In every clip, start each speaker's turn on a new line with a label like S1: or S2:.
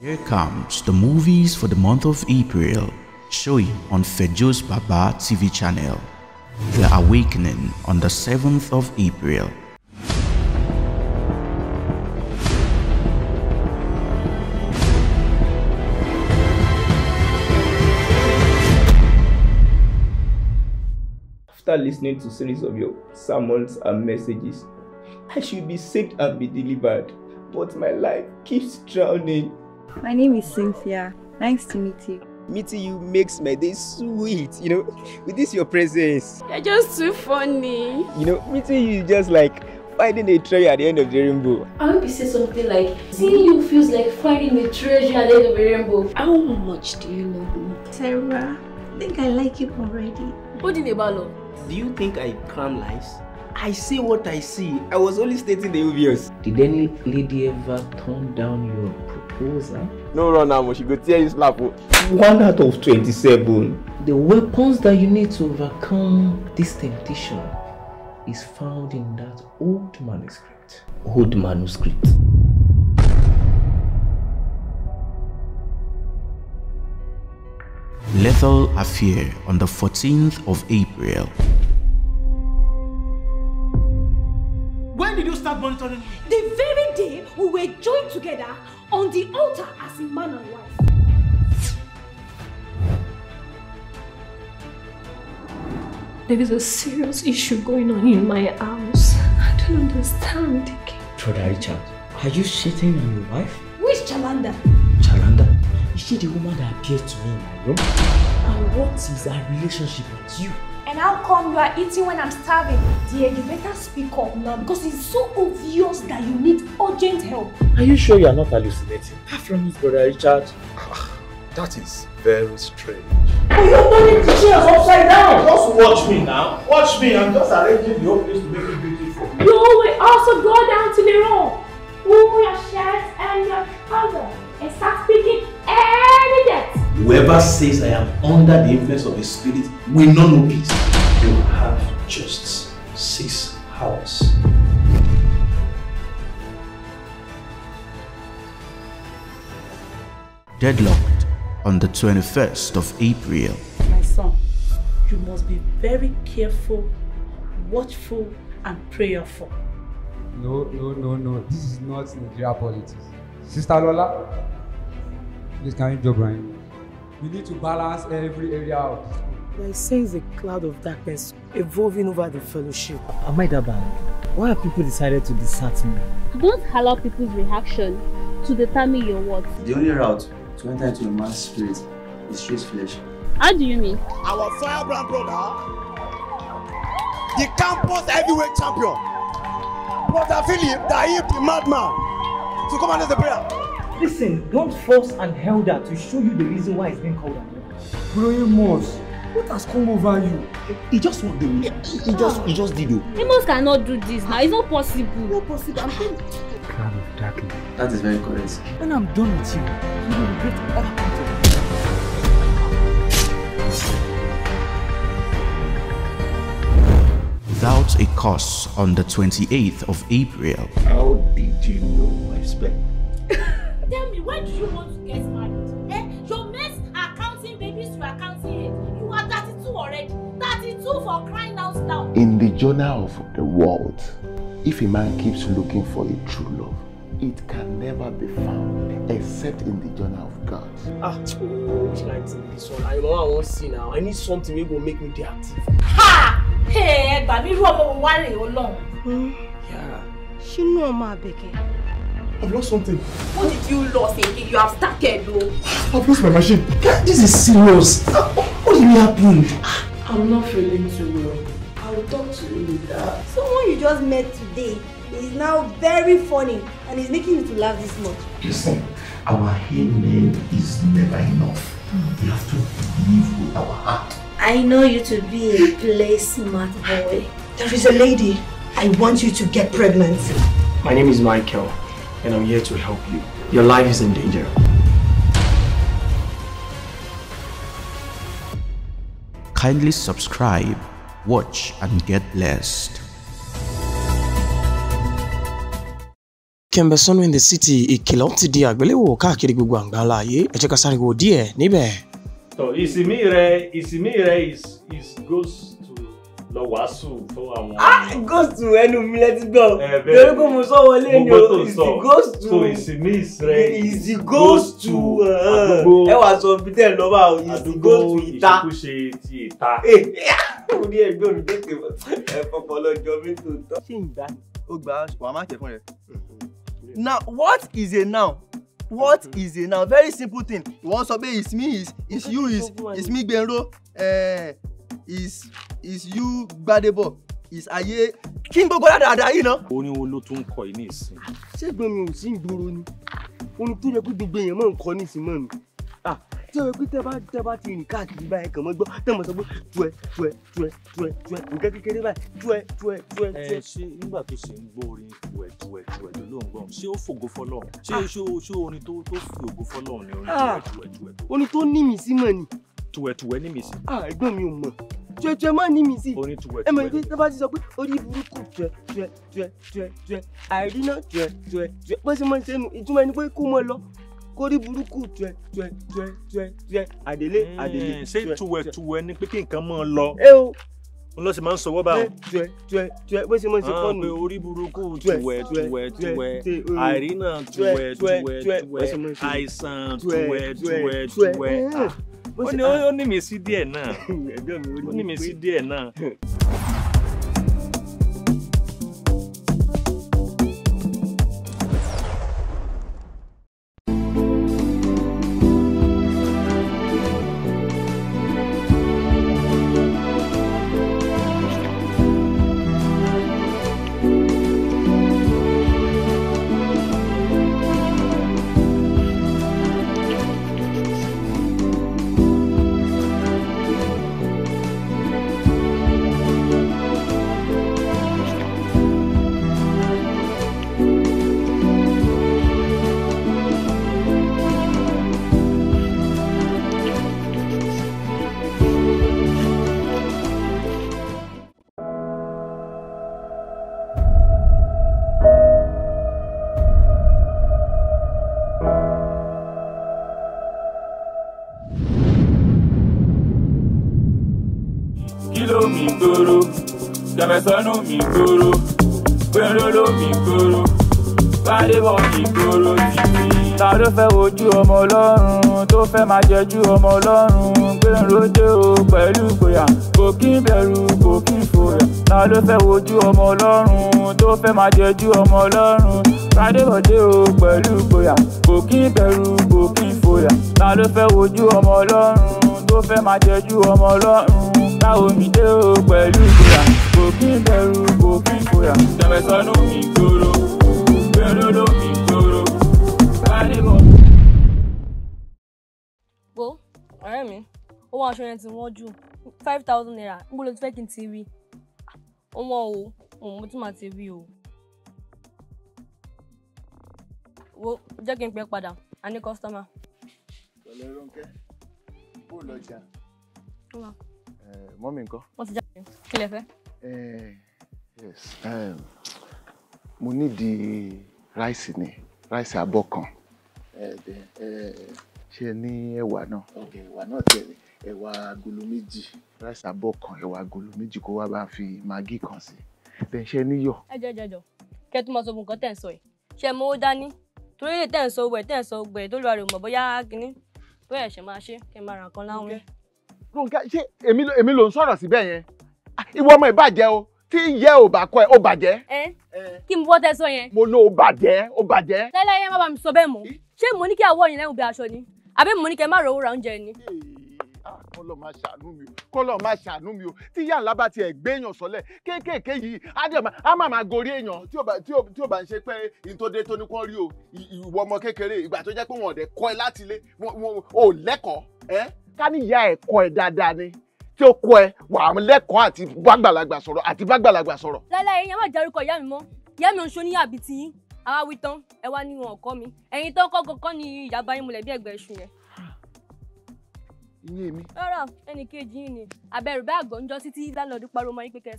S1: Here
S2: comes the movies for the month of April, showing on Fejo's Baba TV channel. The Awakening on the 7th of April. After listening to series of your sermons and messages, I should be saved and be delivered, but my life keeps drowning.
S3: My name is Cynthia. Nice to meet you. Meeting you
S2: makes my day sweet, you know, with this your presence.
S4: You're just too funny.
S2: You know, meeting you is just like finding a treasure at the end of the rainbow.
S4: I hope you say something like, seeing you feels like finding a treasure at the end of the rainbow. How much do you love me? Sarah, I think I like you already. What in about love? Do you think I cram lies?
S2: I see what I see. I was only stating the obvious. Did any lady ever turn down your Eh? No run now, she go tear his slap. Oh. One out of 27. The weapons that you need to overcome this temptation is found in that old
S3: manuscript.
S2: Old manuscript. Lethal Affair on the 14th of April. When did you start monitoring me?
S3: The very day we were joined together on the altar as
S4: a man and wife. There is a serious issue going on in my house. I don't understand.
S2: Brother Richard, are you cheating on your wife?
S4: Who is Chalanda?
S3: Chalanda? Is she the woman that appeared to me in my room? And what is her relationship
S4: with you? And how come you are eating when I'm starving? Dear, you better speak up now because it's so obvious that you need urgent help.
S2: Are you sure you are not hallucinating? Apart from his brother Richard. that is very strange.
S3: But you're turning the chairs upside
S2: down. Just watch me now. Watch me. I'm just arranging the whole place to make it beautiful. You
S4: will also go down to the room. Move your shirt and your trouser and start speaking any depth.
S2: Whoever says I am under the influence of a spirit will not know peace. You have just six hours. Deadlocked on the 21st of April.
S3: My son, you must be very careful, watchful, and prayerful.
S4: No, no, no, no. This is not Nigeria politics. Sister Lola, please can you join Brian?
S2: We need to balance every area out. I sense a cloud of darkness evolving over the fellowship. Am I that bad? Why have people decided to desert me?
S4: Don't allow people's reaction to determine your worth.
S2: The only route to enter into a man's spirit is through his flesh. How do you mean? Our firebrand brother, the campus heavyweight champion, Brother Philip Daib, the madman, to come and do the prayer. Listen, don't force an elder to show you the reason why he's being called an elder. Growing what has come over you? He just won't do it. He, just, he just did it.
S4: Amos cannot do this now. It's not possible. Not possible. I'm going.
S2: Cloud of darkness. That is very correct. When I'm done with you, you will regret all that. without a cause on the 28th of
S1: April. How did you know I spec?
S4: Tell me, when do you want to get married? Eh? Your mates are counting babies you are counting it. You are 32 already.
S3: 32 for crying out loud.
S2: In the journal of the world, if a man keeps looking for a true love, it can never be found except in the journal of God. Ah, oh, which night in this one? I know I won't see now. I need something that will make me active. Ha!
S4: Hey, baby, you are ọmọ wa rèé Ọlọ́run. Hmm,
S2: yeah.
S3: Ṣínú ọmọ Àbẹ̀kẹ́. I've lost something. What did you lose, Inky? You have started, though. I've lost my
S2: machine. This is serious. Ah, what happening? Ah,
S3: I'm not feeling too well. I'll talk to you later. Someone you just met today is now very funny and is making you to laugh this much. Listen,
S1: our
S2: headman is never enough. We have to believe with our heart.
S3: I know you to be a play smart boy. There is a lady. I want you to get pregnant.
S2: My name is Michael and I'm here to help you. Your life is in danger. Kindly subscribe, watch, and get blessed. Kembe in the City ìkìlọ̀ ti di àgbéléwò káàkiri gbogbo àgbáńlá ayé ẹ jẹ́ ká sáré wo díẹ̀ níbẹ̀. So ìsinmi rẹ ìsinmi rẹ is is goes lọ wàásù fún àwọn. ah ghost ẹnu mi lẹ́tí gbọ́ lórí eh, pé mo sọ wọlé ni o is the ghost to so is me is the ghost to ah. Ah. ẹ wàá sọ bí tẹ́ ẹ lọ́wọ́ àwọn is the ghost to ìta àdúgbò ìṣekúṣe ti ìta. Eh, mo ní ẹgbẹ́ òní tètè ẹ fọpọ lọ́jọ́ mi tó tọ́. ṣé
S1: ìgbà ó gbà
S2: wàá má tẹ̀ fún rẹ. Mm-hmm. now what is a now? what mm-hmm. is a now? very simple thing you wan sọ pé is me is is you is is me gbenro eh, is is you Gbadebo is ayé kí n gbogbo dáadáa yìí náà. orin wo ló tún kọ yìí ní ìsìn. ṣẹ́gbọ́n mi ò sí ìgboro ni orin tó yẹ kó gbogbo èèyàn máa ń kọ ní ìsìn mọ́ mi tí o pé tẹ́bá tẹ́bá ti rìn káàkiri báyìí kàn mọ́ gbọ́ tẹ́ mọ̀ sọ pé tuẹ tuẹ tuẹ tuẹ tuẹ nǹkan kékeré báyìí tuẹ tuẹ tuẹ tuẹ. ẹ ṣé nígbà tó ṣe ń gbọ́ orin tuẹ tuẹ tuẹ tó ló ń gbọ́ ṣé ó fògo fọlọ́run ṣé ṣé orin tó tó fi ògo ni orin tuẹ tuẹ tuẹ. orin tó ní mí sí mọ̀ ni tuwẹtuwẹ ní mi sí. a ah, ẹ̀gbọ́n mi ò mọ̀ tuẹtuẹ má ní mi sí. oní tuwẹtuwẹ. ẹ mọ̀ ní tí bá ti sọ pé orí burúkú tuẹ tuẹ tuẹ tuẹ tuẹ àìríná tuẹ tuẹ tuẹ bó ṣe máa ń ṣe ìtumọ̀ ẹni pé kó mọ lọ kórí burúkú tuẹ tuẹ tuẹ tuẹ tuẹ àdélé hmm, àdélé tuẹ tuẹ ṣé tuwẹtuwẹ ni pé kí nǹkan máa lọ. ẹ o n lọ sí máa ń sọ wọ́bà o. tuẹ tuẹ tuẹ bó ṣe máa ń ṣe fọ́ọ̀nù. Ah, àwọn orí burúkú tuẹ tuẹ tuẹ àìrínà tuẹ tuẹ tuẹ àìsàn tuẹ tuẹ tuẹ ó ní mí sí díẹ̀ náà ó ní mí sí díẹ̀ náà.
S1: ló mi gbòòrò kẹmẹsánú mi gbòòrò gbẹ̀rún ló mi gbòòrò bádébọ̀ mi gbòòrò títí. ta ló fẹ́ wojú ọmọ ọlọ́run tó fẹ́ máa jẹjú ọmọ ọlọ́run gbẹ̀rún o pẹ̀lú ìgboyà kò kí ń bẹ̀rù kò kí ń fòyà. ta ló fẹ́ wojú ọmọ ọlọ́run tó fẹ́ máa jẹjú ọmọ ọlọ́run bádébọ̀ o pẹ̀lú ìgboyà kò kí ń bẹ̀rù kò kí ń fòyà. ta ló fẹ́ wojú ọmọ ọlọ́run tó fẹ́ máa jẹjú ọmọ ọlọ́run táwomi dé o pẹ̀lú ìgboyà kò kí n bẹ̀rù kò kí n fòyà tẹ̀mẹ̀sánú mi gbòòrò gbẹ̀rọ̀dọ̀ mi gbòòrò kálíbọ̀.
S4: gbo ọ̀rẹ́ mi owó aṣọ yẹn ti wọ́n jù five thousand naira níbo ló ti fẹ́ kí n ti rí ọmọ o òun mo tún máa ti rí o. wo jẹ́ kí n pẹ́ padà a ní kọ́sítọ́mà.
S2: pẹ̀lú ẹ̀rọ ń kẹ́ bó lọ jà mọ́mí nǹkan.
S4: wọ́n ti jáde kí lẹ fẹ́.
S2: yes um, mo nídìí ráìsì ni ráìsì abọ́ kan eh, eh, ṣe ní ẹ̀wà náà. ok ẹ̀wà náà tẹ̀lé ẹ̀wà agolo méjì ráìsì abọ́ kan ẹ̀wà agolo méjì kó wá bá fi màgí kan sí then ṣe níyọ̀.
S4: ẹ jọ jọ jọ kẹ tó máa sọ nǹkan tẹ̀ ń sọ yìí ṣe mú owó dání torí lè tẹ̀ ń sọ gbẹ̀ tẹ̀ ń sọ gbẹ̀ tó lọ́ọ́ rẹ̀ mọ̀ bóyá kínní bóyá ẹ̀ṣẹ̀ máa ṣe kẹ máa ra nǹkan láwìn.
S2: Ronke ṣé èmi ló ń sọ̀rọ̀ síbẹ̀ yẹn ìwọ ọmọ ìbàjẹ́ o tí yẹ ò bá kọ ẹ ó bàjẹ́.
S4: ẹ kí n bọ́ tẹ sọ yẹn.
S2: mo lo bàjẹ́ ó bàjẹ́.
S4: láíláí yẹn má bàa mi sọ bẹ́ẹ̀ mọ́ ṣé mo ní kí àwọ̀ yẹn lẹ́hùn bí aṣọ ni àbí mo ní kí ẹ má rówó ra oúnjẹ ni.
S2: kọ́lọ̀ máa ṣàánú mi o
S4: kọ́lọ̀ máa ṣàánú
S2: mi o tí yà ńlá bá tiẹ̀ gbé èèyàn sọ́lẹ̀ kéékèèké yìí ájọba á má máa gorí èèyàn tí ò bá ń ṣe pé ìtòdé tó ní kán rí o ìwọ ọmọ kékeré ìgbà tó jẹ́ pé wọn ò dẹ̀ kọ́ ẹ láti ilé wọn ò lẹ́kọ̀ọ́ ká níyà ẹ̀kọ́ ẹ̀ dáadáa ni tí ó kọ́ ẹ wà á lẹ́kọ̀ọ́ àti bágbàlagbà sọ̀rọ̀ àti bágbàlagbà sọ̀rọ̀.
S4: láláyé yẹn má jarúkọ ìyá mi mọ́ ìyá mi ò ń ṣoní àbí ti àwa wí tán ẹ wá nínú ọkọ mi ẹ̀yin tó kọ kọkọ ni ìyá yín mulẹ̀ bí ẹgbẹ́ iṣu yẹn. ìyẹn mi. rárá ẹnì kejì yín ni abẹ́rù bá àgọ́ ń jọ títí lálọ́ọ̀dún pariwo mọ́ yín pé kẹ́ ẹ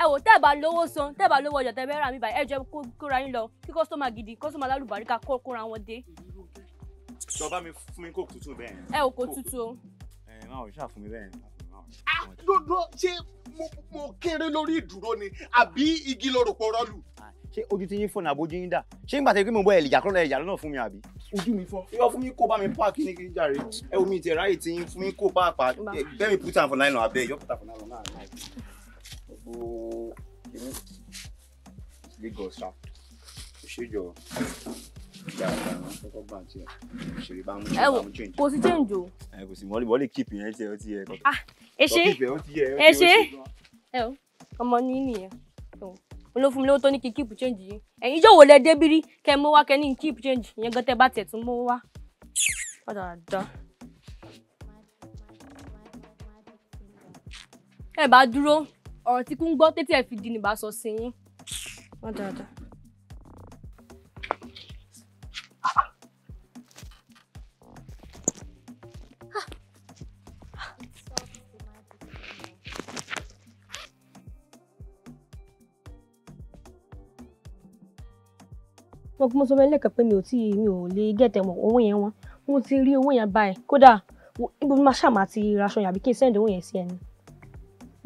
S4: ẹ wò tẹ́ bá lówó san tẹ́ bá lówó ọjà tẹ́ bẹ́ẹ̀ rà mí báyìí ẹ jẹ́ kóra yín lọ kí kọ́sọ́mà gidi kọ́sọ́mà lálùbáríkà kó kóra wọn dé.
S2: sọ mi fún mi kó tútù bẹ́ẹ̀. ẹ ò kó tútù o náà ò ṣàfún mi bẹ́ẹ̀ ni
S4: ah, dodo
S2: ṣé mo kéré lórí ìdúró ni àbí igi lorò pọ̀ rọ́ọ̀lù. Ah, ṣé ojú ti yín fún ní abojú yín dà ṣé ń gbàtẹ́ pé mo bọ ẹ̀lìjà kọ́ lọ ẹ̀lìjà lọ́nà fún mi àbí. ojú mi fọ. irọ́ fún mi kó bá mi páàkì ní kíjà rẹ ẹ omi ìtẹ̀ ráyè tí yín fún mi kó bá pa bẹ́ẹ̀ mi put am for nine on abẹ́ ìyọ́ put am for nine on náà náà. gbogbo Lagos ṣá ṣèjọ ẹ wò kò sí change o. ẹ kò sí wọ́n lè wọ́n lè keep yẹn tí ẹ ti ah, yẹ. ẹ ṣe ẹ ṣe
S4: ẹ o ọmọ ní nìyẹn olófin mi lówó tó ní kí keep change yìí ẹ̀yin yóò wò lẹ débírí kẹ mọ wá kẹ ní keep change ìyẹn gan tẹ bá tẹ tún mọ wá padà dá. ẹ bá dúró ọ̀rọ̀ tí kún gbọ́ tètè ẹ fi di nìbá sí yín. wọ́n dáadáa. mo mo sọ mẹ́lẹ̀ kan pé mi ò tí mi ò lè gẹ̀tẹ̀ mọ̀ owó yẹn wọn mo ti rí owó yẹn báyìí kódà ibo mi máa ṣàmà ti raṣọ yẹn àbí kí n send owó yẹn sí ẹni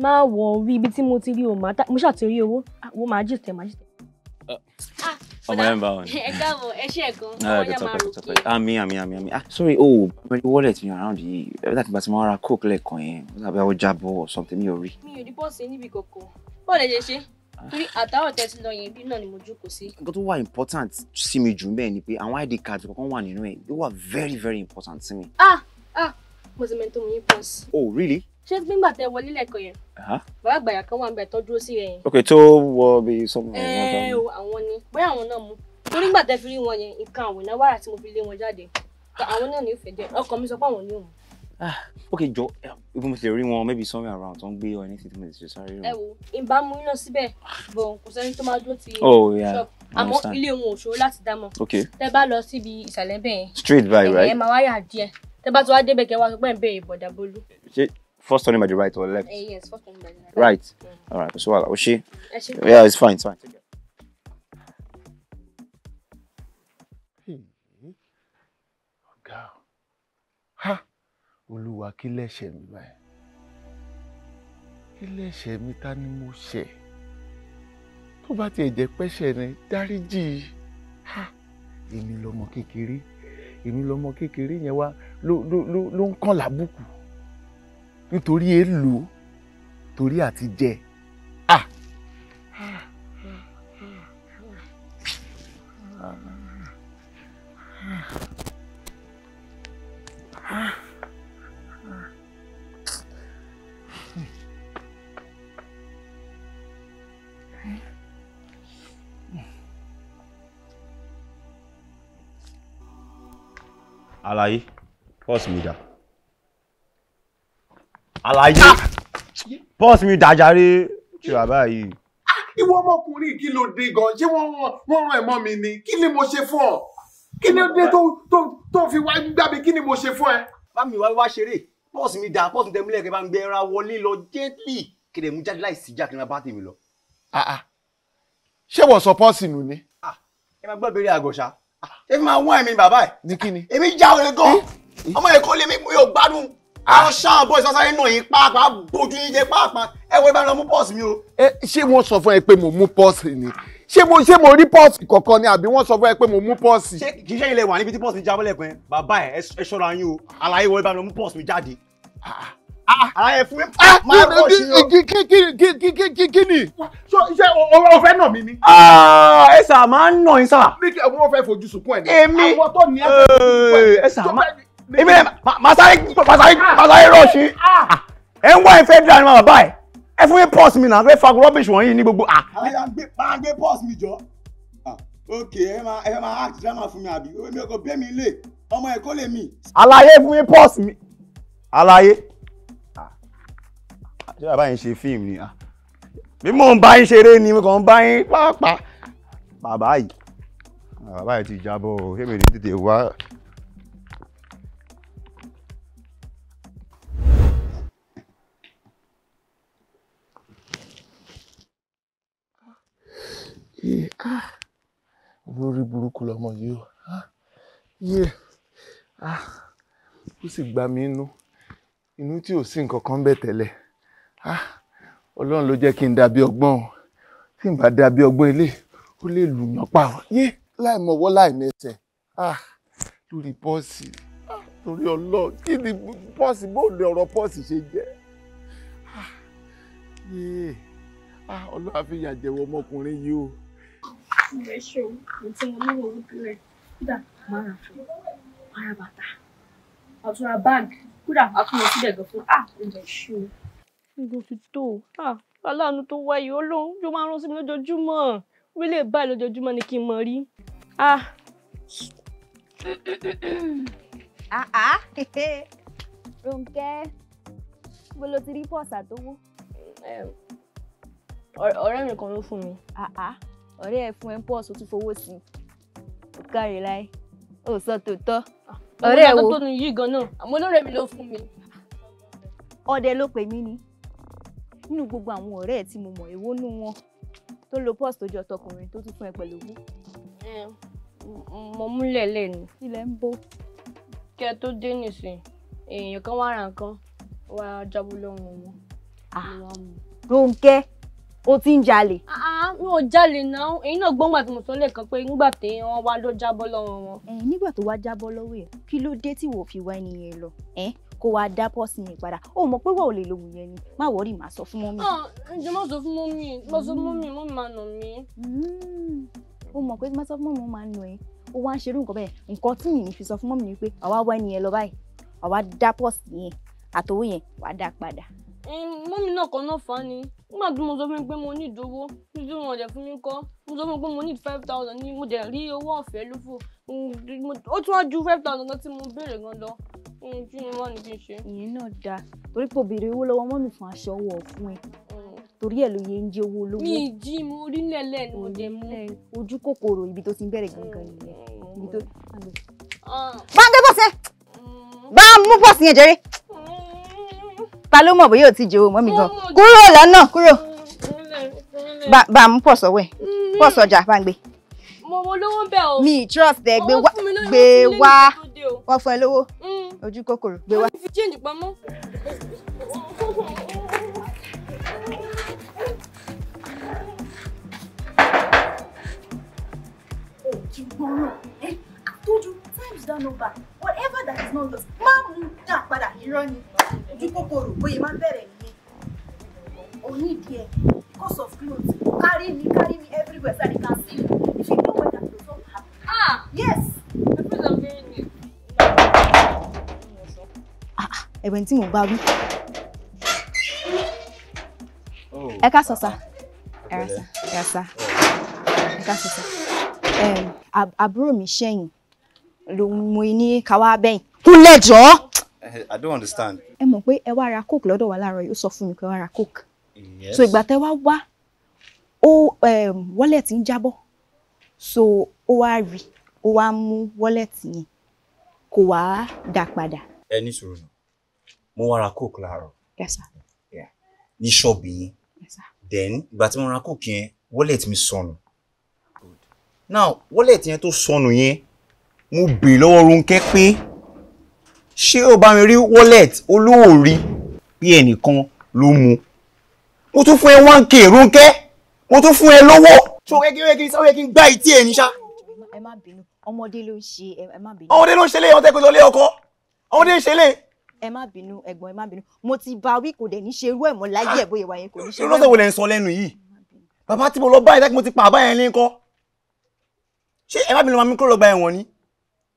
S4: má wọ rí ibi tí mo ti rí o mo ṣáà ti rí owó ah, owó máa jìtẹ̀ máa jìtẹ̀. Ah,
S1: ọmọ yẹn bá wọn. ẹ
S4: káàbọ̀ ẹ ṣe ẹ̀kan ọmọ yẹn máa rò kí.
S1: àmì àmì àmì àmì sorry
S2: o oh, mẹ́rin wallet mi around yìí ẹ̀rọ àti bàtí mo ra coke lẹ́ẹ̀kan yẹn tàbí àwọn
S4: jábọ̀ torí àtàwọn tẹ lọ yẹn bí náà ni mo jókòó sí. nǹkan
S2: tó wà important sí mi jù bẹ́ẹ̀ ni pé àwọn id card kankan wà nínú ẹ̀ yóò wà very very important sí mi.
S4: ah ah mo ti mẹ́tò mi pọ̀ sí. oh really. ṣé nígbà tẹ wọlé lẹ́kọ̀ọ́ yẹn. Uh-huh. bàbá àgbàyà kan wà ń bẹ tó dúró sí rẹ̀ yẹn.
S1: ok tó wọ bí sọmọ.
S4: ẹ ẹ o àwọn ni bóyá àwọn náà mú torí nígbà tẹ fi rí wọn yẹn nǹkan àwìn náà wàrà tí mo fi lé wọn jáde àwọn náà ní ìfẹ́ jẹ ọkọ mi sọ pé àwọn ní òun
S2: ah okay jọ ibi mo ti rí wọn maybe somewhere around tó ń gbé
S1: or anything tí mo ti ṣe sáré rẹ. ẹ
S4: wo ìbámu iná síbẹ̀ bọ̀ kò sẹ́ni tó máa dúró ti oh, shop àmọ́ ilé wọn ò ṣòro láti dámọ̀ tẹ bá lọ síbi ìsàlẹ̀ bẹ́ẹ̀
S1: straight by right ẹ
S4: máa wáyà díẹ̀ tẹ bá ti wá débẹ̀ kẹ wá sọ pé ẹ̀ ń bẹ̀rẹ̀ bọ̀dà bolú.
S2: ṣé first turning by the right or left.
S4: Uh, yes
S1: first turning by the right. right yeah. all right kò sí wàhálà o ṣe yeah it's fine it's fine.
S2: olúwa kí lẹ́ṣẹ̀ mi báyìí kí lẹ́ṣẹ̀ mi ta ni mo ṣẹ̀ tó bá tiẹ̀ jẹ́ pẹ́ṣẹ̀ ni dáríjì ha èmi lọmọ kékeré èmi lọmọ kékeré yẹn wá ló ló ló ló ń kàn lábùkù nítorí èèlò torí àti jẹ ah
S1: ah. alaye pause mi da.
S2: alaye pause mi dà jàre tí wà Ah, ìwọ ọmọkùnrin kí ló dé gan ṣé wọ́n rán ẹ̀ mọ́ mi ni kí ni mo ṣe fún ọ kí ni ó dé tó fi wa gbá mi kí ni mo ṣe fún ẹ. bá mi wa wa ṣeré Pause mi da. Pause mi tẹ̀mílẹ̀ kẹ́ bá ń gbẹ ẹran wọlé lọ gently kéde mú jáde láì síjà kí n máa bá tèmi lọ. Ah, ah. ṣé wọ́n sọ pọ́ọ̀sì nù ni. Ah! ẹ máa gbọ́ ìbéèrè àgọ̀ṣà ẹ máa wọ́n ẹ̀mí bàbá ẹ̀. ní kí ni. èmi já òye gan ọmọ èkó lè mi yóò gbádùn ah. àwọn ṣáà bọ́ọ̀sì sáré náà yín pàápàá bójú yín jẹ pàápàá ẹ wọ ìbára mú pọ́ọ̀sì mi o. ẹ eh, ṣé wọ́n sọ fún ẹ pé mo mú pọ́ọ̀sì ni ṣé mo ṣé mo rí pọ́ọ̀sì kankan ni àbí wọ́n sọ fún ẹ pé mo mú pọ́ọ̀sì. ṣé kì í ṣe ilẹ̀ wà níbi tí pọ́ọ̀sì mi jábọ́lẹ̀ pẹ́ bàbá ẹ ṣọ́ra yín o àlàyé wọ ìbára mú pọ́ọ̀sì mi jáde. Ah, ah. Ah. ara ẹ fún mi. Ah, máa bọ̀ sí o. kí ni. so iṣẹ́ o fẹ́ nà mí ni. Ah, ẹ sà máa ń nà yín sà. mi kì í wọ́n fẹ́ fojú sunkún ẹ̀ ní. èmi àwọn tó ní ẹ fẹ́ fojú sunkún ẹ̀. Eh, ẹ sà èmi ẹ masari masari masari rọ̀ọ̀ṣì ẹ ń wá ẹ fẹ́ dira ni màmá báyìí ẹ fún mi pọ́s mi náà fẹ́ fa rubbish wọ̀nyí ní gbogbo. máa gbé pọ́s mi jọ ok ẹ máa act drama fún mi àbí èmi ò kò bẹ́ mi lé ọmọ ẹ̀kọ́ lèmi. àlàyé fún mi pọ́s mi àlàyé ṣé bàbá yín ṣe fíìmù ni ah, bí mò ń bá yín ṣeré ni mo kàn ń bá yín pàápàá bàbá yìí bàbá yìí ti jábọ̀ o kémi ní tètè wá. Ah, olórí burúkú lọmọ yìí o ah, yé ó sì gbá mi inú inú tí ò sí nǹkan kan bẹ́ẹ̀ tẹ́lẹ̀ ah ọlọ́run ló jẹ́ kí n dàbí ọgbọ́n o tí n bá dàbí ọgbọ́n ilé ó lè lù yàn pa ọ yé láì mọwọ́ láì mẹsẹ̀ ah lórí pọ́ọ̀sì torí ah, ọlọ́run kí ni pọ́ọ̀sì bó lè ọ̀rọ̀ pọ́ọ̀sì ṣe jẹ́ ah yé ah ọlọ́run àfihàn àjẹwò ọmọkùnrin yìí o.
S4: ẹ ṣe o mo ti wọn níwọ̀n owó tẹ́lẹ̀ kódà máa rà fún máa rà bàtà àtúrà báàgì kódà àtúnwọ̀n sílẹ̀ gan fún ah ẹ ṣe o níbo ti tó aláàánú tó wáyé olóhùn yóò máa rán sí mi lójoojúmọ́ wílé báyìí lójoojúmọ́ ni kí n mọ rí. Ah,
S3: ah. Rónkẹ́ bó ló ti rí pọ̀sà tó wó. ọ̀rẹ́ mi kan ló fún mi. Ah, ọ̀rẹ́ ẹ̀ fún ẹ pọ́ọ̀sì ó tún fowó sí i ó kárí láì ó sọ tòótọ́. ọ̀rẹ́ ẹ̀ wo ọ̀rẹ́ ẹ̀ tó tó nu
S4: yìí gan náà àmọ́ olóore mi ló fún
S3: mi. ọdẹ ló pè mí ni nínú gbogbo àwọn ọ̀rẹ́ ẹ̀ tí mo mọ̀ èwo nú wọn tó lo pọ́s tó jọ tọkùnrin tó tún fún ẹ pẹ̀lú
S4: owó. mo múlẹ̀ lẹ́nu. ilẹ̀ ń bó. kí ẹ tó dé nìsín èèyàn kan wá ra nǹkan wá jábọ́ lọ́rùn wọn. Ah. Rónkẹ́ o ti ń jalè. Ah, mi ò jalè náà èyí náà gbọ́ngbà tí mo sọ lẹ́ẹ̀kan pé nígbà tí wọ́n wá ló jábọ́ lọ́wọ́ wọn. nígbà tó wá jábọ́ lọ́wọ́ ẹ̀ kí ló dé tí wò ó
S3: fi wá ẹnìyẹn lọ kó wá dá pọ́ọ̀sì yẹn padà ó mọ̀ pé wọ́n ò lè lòun yẹn ni má wọ́ọ̀rì má sọ fún
S4: mọ́mì. Ah, ǹjẹ́ má sọ fún mọ́mì má sọ fún mm. mọ́mì mọ́mì máa nà mí. ó mm. mọ̀ pé má sọ fún mọ́mì máa nà ẹ́
S3: ó wá ń ṣerú nǹkan bẹ́ẹ̀ nǹkan tí mi fi sọ fún mọ́mì ni pé àwa wá ẹni yẹn lọ báyìí àwa dá pọ́ọ̀sì yẹn àtòwó yẹn wà á dá padà.
S4: mọ́mì náà kan náà fà ni nígbà tí mo sọ fún mi pé mo ní ìdówó nítorí wọn ọ̀dẹ̀ fún mi kọ́ mo sọ fún mi pé mo ní five thousand ni mo dẹ̀ rí owó ọ̀fẹ́ lófò ó tún wá ju five thousand lọ tí mo béèrè gan lọ ojú ni wọ́n ní kí n ṣe.
S3: ìyẹn náà dáa torí pé obìnrin owó lọ́wọ́ mọ́mì fún aṣọ ọwọ́ fún ẹ
S4: torí ẹ̀ ló yẹ ń jẹ́ owó olówó. mi ì jí mu orílẹ̀ lẹ̀ ni mo jẹ mú. ojú kòkòrò ibi tó ti ń bẹ̀rẹ̀ gangan nìyẹn mm, mm, ibi tó.
S3: gbàgbé ah. bọ́sẹ̀ mm. bá a mú bọ́ọ̀sì yẹn jẹrẹ ta ló mọ̀ bóyá ò ti jẹ́wọ́ mọ́mì gan kúrò lọ́nà kúrò bá a mú pọ̀sọ̀ wẹ̀ pọ̀sọ̀ ọjà bá ń gbé
S4: mo mo lówó bẹ́ẹ̀ o. mi trust
S3: ẹ gbé wá gbé wá wọ́n fún ẹ lówó ojú kòkòrò gbé wá. fi change pamọ́. Eh, told you times down over. Whatever that is not lost, máa mú dà padà irọ́ ni. Ojú kòkòrò bóyá máa bẹ̀rẹ̀ ni. Òní ìdí ẹ̀ because of clothes. Carry me, carry me everywhere so they can see you Ah! Yes! The clothes are new. ẹ̀wẹ̀ tí mò ń bá wí. Oh. ẹ ká sọ sá ẹ rà sá ẹ rà sá ẹ ká sọ sá àbúrò mi ṣẹ̀yìn mo ní káwá bẹ́yìn kúnlẹ̀ jọ́.
S2: Eh, I don't understand.
S3: ẹ mọ̀ pé ẹ wá ra coke lọ́dọ̀ wa láàárọ̀ yóò sọ fún mi pé ẹ wá ra coke. so ìgbà tẹ wá wá ó wọ́lẹ̀tì ń jábọ́ so ó wá rí ó wá mú wọ́lẹ̀tì yẹn kò wá dá
S1: padà. ẹ ní
S2: sùúrù mo wá ra coke láàárọ̀. yeah ní ṣọ́ọ̀bù yín. yes sir. then ìgbà tí mo ra coke yẹn wallet mi sọnù. good now wallet yẹn tó sọnù yẹn mo bèrè lọ́wọ́ Rónkẹ́ pé ṣé o bá mi rí wallet olówó rí bí ẹnìkan ló mu mo tún fún ẹ one k Rónkẹ́ mo tún fún ẹ lọ́wọ́ ṣó yẹ kí n yẹ kí n gbá ìtì ẹ̀ níṣà. ẹ
S3: má bínú ọmọdé ló ń ṣe ẹ
S2: má bínú. ọmọdé ló ń ṣe lé ọtẹ kó lọ lé ọkọ
S3: ọmọdé ń ṣe lé ẹ má bínú ẹ̀gbọ́n ẹ má bínú mo ti bá wí kò dẹ̀ ní ṣe irú ẹ̀ mọ́ láyé ẹ̀ bóyá wáyé kò ní ṣe irú ẹ̀ mọ́. ìrọ́sẹ̀ wo
S2: lẹ ń sọ lẹ́nu yìí bàbá tí mo lọ báyìí dákì mo ti pa àbá yẹn ní kọ́
S3: ṣé ẹ má bínú ma mi kúrò lọ́gbà ẹ̀wọ̀n ni.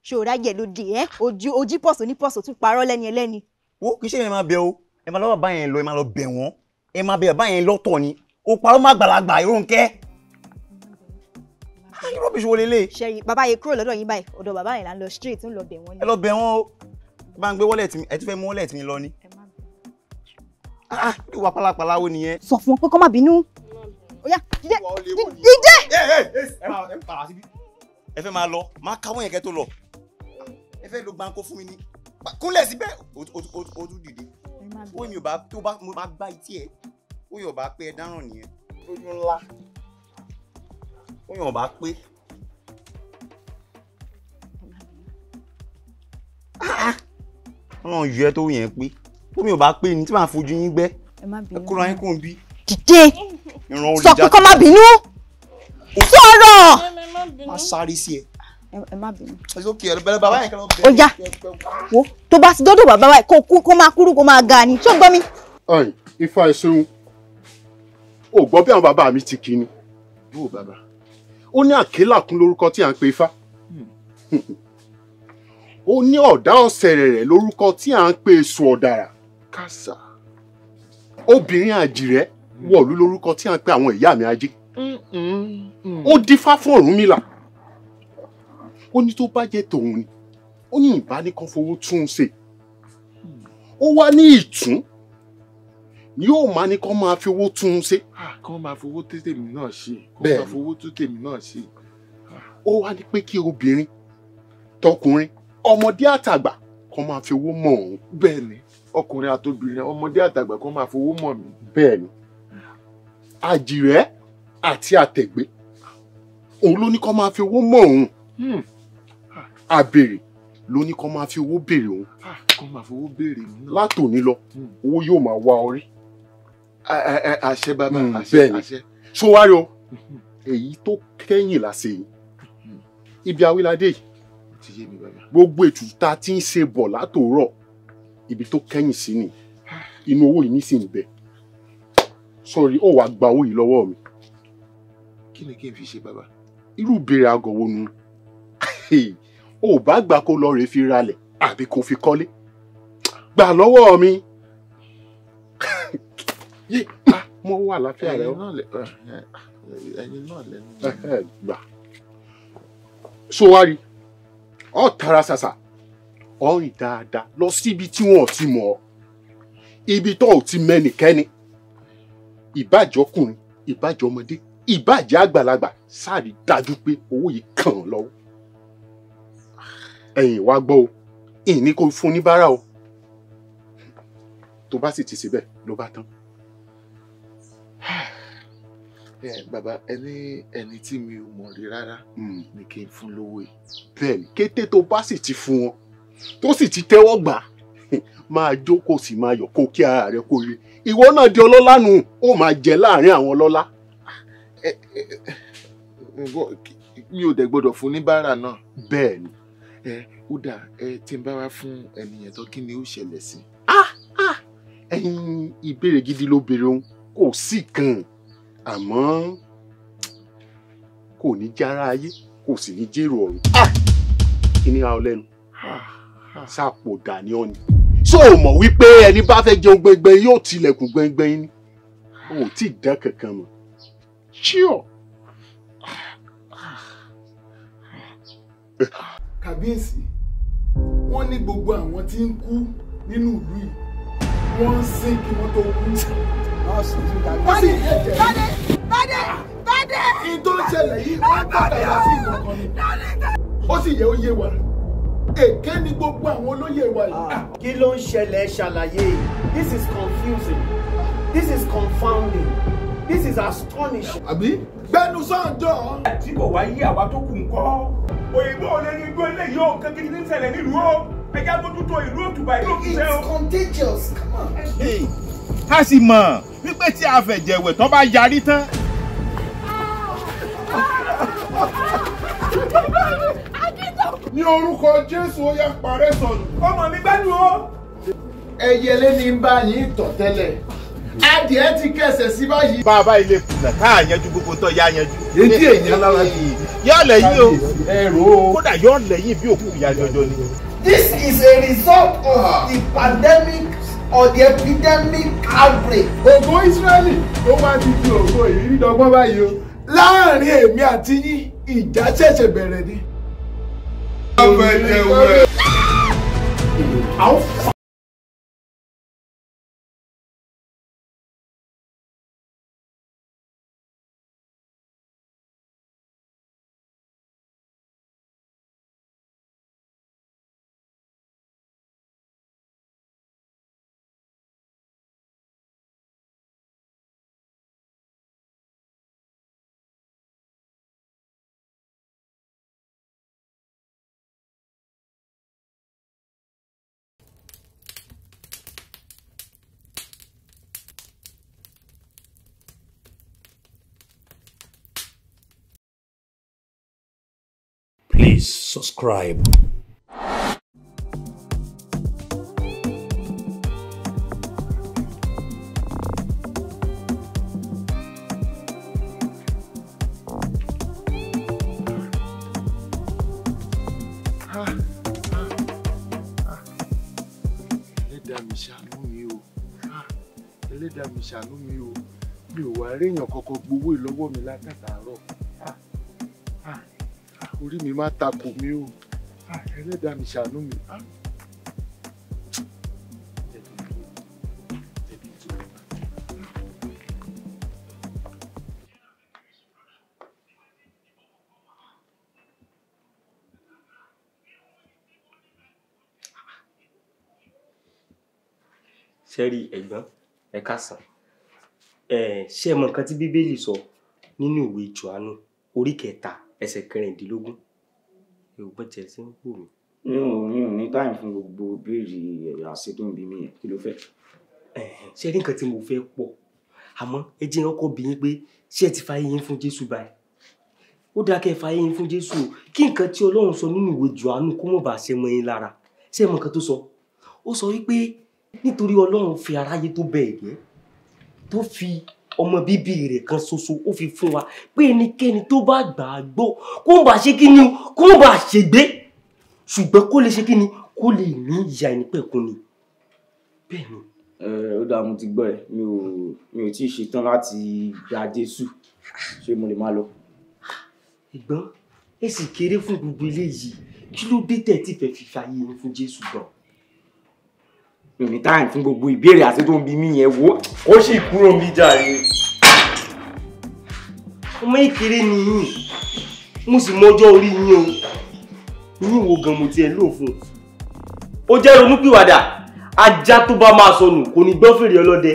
S3: ṣòro ayé ló dé ẹ ojú ojú pọ̀sọ̀ ní pọ̀sọ̀ tún parọ́ lẹ́ni ẹlẹ́ni. wo kì í ṣe ẹ máa bẹ o ẹ máa lọ bàbá yẹn lọ ẹ máa lọ bẹ wọn ẹ máa
S2: bẹ bàbá yẹn o parọ́ má gbàlagbà ìrónkẹ́.
S3: ayé rọ́bìṣì wo lélẹ̀. ṣẹ́yìn bàbá yẹn kúrò lọ́dọ̀ yín báyìí ọ̀dọ̀ bàbá lọ straight ń lọ bẹ̀ wọ́n
S2: ni. o bá ń gbé wallet mi ẹ tún fẹ́ mú wallet mi lọ ni. ah, ah ìwà pálapàla wo
S3: nìyẹn. sọ fún wọn pé kó má bínú. oya jíjẹ jíjẹ.
S2: ẹ fẹ́ máa lọ máa káwọn yẹn kẹ́ tó lọ ah, ẹ fẹ́ lo gbáǹkó fún mi ní kúnlẹ̀ síbẹ̀ o tún dìde ó mi ò bá tó bá mo bá gbá etí ẹ ó yọ̀ bá pé ẹ dáràn nìyẹn lójú ńlá ó yọ̀ bá pé. Ah! ah. Ọlọ́run yọ ẹ tó yẹn pé omi ò bá pé ní tí màá fojú yín gbẹ ẹ kúrò ayé kò ń bí. dìde
S1: sọ pé kọ́ má bínú
S2: sọ̀rọ̀
S3: má sáré sí ẹ ẹ má bínú. ó yá wo tó bá ti dọ́dọ̀ bàbá wa kó máa kúrú kó máa ga ni tó gbọ́ mi. ọyìn ifá ẹsùn
S2: ò gbọ́ bí àwọn bàbá mi ti kí ni bó bàbá
S3: ó ní àkélà
S2: kún lórúkọ tí à ń pe ifá. Hmm. ó ní ọ̀dá ọ̀sẹ̀rẹ̀ rẹ̀ lórúkọ tí à ń pe èso ọ̀dàrà kásá obìnrin àjìrẹ́ wọ̀lú lórúkọ tí à ń pe àwọn ìyá mi ajé ó dífá fún Ọ̀rúnmìlà ó ní tó bá jẹ́ tòun ni ó ní ìbánikan fowó tún un ṣe ó wá ní ìtún ni yóò máa ní kán máa fi owó tún un ṣe. kán máa fowó tún tèmi náà ṣe kán máa fowó tún tèmi náà ṣe. ó wá ní pé kí obìnrin tọkùnrin ọmọdé àtàgbà kó máa fi owó mọ̀ ọ́n bẹ́ẹ̀ ni ọkùnrin àtobìnrin ọmọdé àtàgbà kó máa fi owó mọ̀ mí bẹ́ẹ̀ ni àjìrẹ́ àti àtẹ̀gbé òun ló ní kó máa fi owó mọ̀ òun hmm. àbèrè ló ní kó máa fi owó béèrè òun ah, kó máa fi owó béèrè òun látòní lọ hmm. owó yóò máa wá ọ rí. àṣẹ bàbá hmm, àṣẹ àṣẹ. sọ wá rí o èyí tó kẹ́yìn làṣẹ yìí ibi awíládé yìí ti yé mi bàbá. gbogbo ètùtù tá a ti ń ṣe bọ̀ látòórọ̀ ibi tó kẹ́yìn sí ni inú owó yìí nísìn bẹ̀ sọ̀rí ó wàá gba owó yìí lọ́wọ́ mi. kí ni kí n fi ṣe bàbá. irú ìbéèrè aago wo nu o ò bá gbà kó lọ rèé fi ralẹ̀ àbí kó fi kọ́lé gbà lọ́wọ́ mi. Ah, mo wà láfíà rẹ o. ẹyin náà lẹnu. Ah, gbà sọ wá rí i ọ tara ṣàṣà ọ rìn dáadáa lọ sí ibi tí wọn ò ti mọ̀ ọ́ ibi tó ò ti mẹ́nikẹ́ni ìbàjọ́kùnrin ìbàjọ́mọdé ìbàjẹ́ àgbàlagbà sáàrí dájú pé owó yìí kàn án lọ́wọ́ ẹ̀yìn wá gbọ́ o ìní kò fún ní bárà o tó bá sì ti síbẹ̀ ló bá tán bàbá ẹni ẹni tí mi ò mọ̀ rí rárá hmm. ni kí n fún lówó yìí. bẹ́ẹ̀ni kété tó bá sì ti fún wọn tó sì ti tẹ́wọ́ gbà máa jókòó sì máa yọ̀ kó kí ara rẹ kó rí ìwọ náà di ọlọ́lá nu ó máa jẹ láàrin àwọn ọlọ́lá. mi ò dẹ̀ gbọ́dọ̀ fún oníbàárà náà. bẹ́ẹ̀ni. ẹ ó dà ẹ tí n bá wá fún ẹnìyàn tó kí ni ó ṣẹlẹ̀ sí. Ah, ah! ẹyin ìbéèrè gidi ló béèrè òun kò sí kan àmọ́ kò ní jára ayé kò sì ní jèrò ọ̀run kí ah! ni ra ọ lẹ́nu ah! Ah! sápò dání ọ̀nì ṣó o mọ̀ wípé ẹni bá fẹ́ jẹun gbẹngbẹ yóò tilẹ̀kùn gbẹngbẹ yín ni o ò tí ì dán kankan mọ̀ ṣíọ̀. kàbíyèsí wọ́n ní gbogbo àwọn tí ń kú nínú ìlú yìí wọ́n ń sìn kí wọ́n tó kú. Bade Bade Bade Bade. Kí tó ń ṣẹlẹ̀ yìí wọ́n bàtà wá sí ìkọ̀kan ni. Ó sì yẹ ó yé wa. Èké ni gbogbo àwọn olóyè wa yìí. Ah, kí ló ń ṣẹlẹ̀ ṣàlàyé? This is confusing. This is confounding. This is astonishing. Àbí? Gbẹ́nu sọ́ǹdọ̀. Àti kò wá yí àwa tó kù ń kọ́. Òyìnbó ò lè ní igbó eléyìí ó kékeré ní ṣẹlẹ̀ nílùú o. Ẹja gbójútó ìlú òtùbà ìlú òkúṣẹ́ o. It's contagious. Come on. Hey ká sì mọ̀ wípé tí afẹ̀jẹ̀wẹ̀ tó bá yarí tán. ní orúkọ jésù ó yá parẹ́ sọnù. ọmọ mi gbádùn o. ẹyẹlé ni ń bá yín tọ̀ tẹ́lẹ̀ adìẹ ti kẹsẹ̀ sí báyìí. bá ilé kùnà tá a yanjú gbogbo tó yá yanjú. etí èèyàn lára yìí. yóò lẹ́yìn o ẹ̀rọ o kódà yóò lẹ́yìn bí òkú ìyá jọjọ ni. This is a result of the pandemic or the epidemic outbreak. ògo israẹli ó máa ti di ògo ìrírí dọgbọ́n báyìí o láàrin èmi àti yín ìjà
S1: ṣẹ̀ṣẹ̀ bẹ̀rẹ̀ ni. ọmọ ẹ̀jẹ̀ wẹ̀. Please subscribe.
S2: ṣàánú mi o mi ò wá réèyàn kọ́kọ́ gbowó ìlọ́wọ́ mi látàtà orí mi má takò mí o ah, ẹlẹ́dàá mi ṣàánú mi. sẹ́rí ah. ẹ̀gbọ́n ẹ káàsán ẹ ṣé ẹ mọ nǹkan tí bíbélì sọ nínú ìwé Jòhánù orí kẹta ẹsẹ̀ kẹrìndínlógún Yorùbá tiẹ̀ ti ń pò mí.
S1: mi ò mi ò ní
S2: táyì fún gbogbo béèrè àṣẹ tó ń bí mi yẹn kí ló fẹ́. ṣé ní nǹkan tí mo fẹ́ pọ̀ àmọ́ ẹ jẹ́ ọkọ̀ bí yín pé ṣé ẹ ti fa yín fún Jésù báyìí ó dáa kẹ́ ẹ fa yín fún Jésù kí nǹkan tí Ọlọ́run sọ nínú ìwé Jòhánù kó mọ̀ bá ṣe mọ́ yín lára ṣé ẹ mọ̀ nǹkan tó sọ ó sọ wípé nítorí Ọlọ́run fi aráyé tó bẹ́ẹ̀ gẹ́ tó fi ọmọ bíbí rẹ̀ kan ṣoṣo ó fi fún wa pé ẹnikẹ́ni tó bá gbà á gbọ́ kó ń bá ṣe kí ni kó ń bá ṣègbé ṣùgbọ́n kó lè ṣe kí ni kó lè ní ìyá ìnípẹ̀kun ni bẹ́ẹ̀ ni. ó dáa mo ti gbọ́ ẹ mi ò mi ò tí ì ṣetán láti gba Jésù ṣé mo lè máa lọ. ìgbọ́n ẹ sì kéré fún gbogbo eléyìí kí ló dé tẹ̀ tí fẹ́ fi fàyè fún Jésù gan-an mi ò ní time fún gbogbo ìbéèrè àti tó ń bi mí yẹn wo ó sì kúrò ń bí jàre. ọmọ ìkéré ni yín mo sì mọjọ́ orí yín o yín wo gan mo tiẹ̀ lò fún un. ó jẹ́ ronúpìwàdà ajá tó bá máa sọnù kò ní gbọ́ fèrè ọlọ́dẹ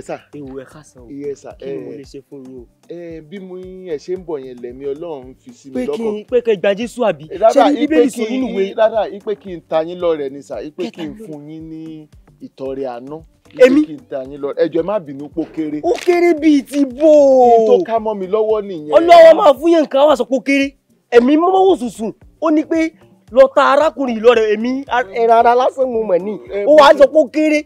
S2: pẹ̀lẹ́ sà. ewu ẹ ká o. iye sà ẹ kí ni mo eh. lè ṣe fún yín o. ẹ eh, bí mo ẹ ṣe ń bọ̀ yẹn lẹ́mí ọlọ́run fi sí mi lọ́kàn. pé kí n gba jésù àbí. Eh, ṣé ní bíbélì sọ nínú ìwé. rárá ipe kí n ta yín lọ́rẹ ni sà ipe kí n fún yín ní ìtọrẹ àánú. èmi kí n ta yín lọ́rẹ ẹjọ má bínú pó kéré. ó kéré bíi ti bò. kí n tó ká mọ́ mi lọ́wọ́ nìyẹn. ọlọ́wọ́ máa fún yẹn nǹkan wà sọ pé kéré ẹ̀mí mọ́wọ́ sùsùn ó ní pé lọ́ta arákùnrin ìlọrẹ èmi ẹ̀rọ ara lásán mo mọ̀ ní ó wàá sọ pé kéré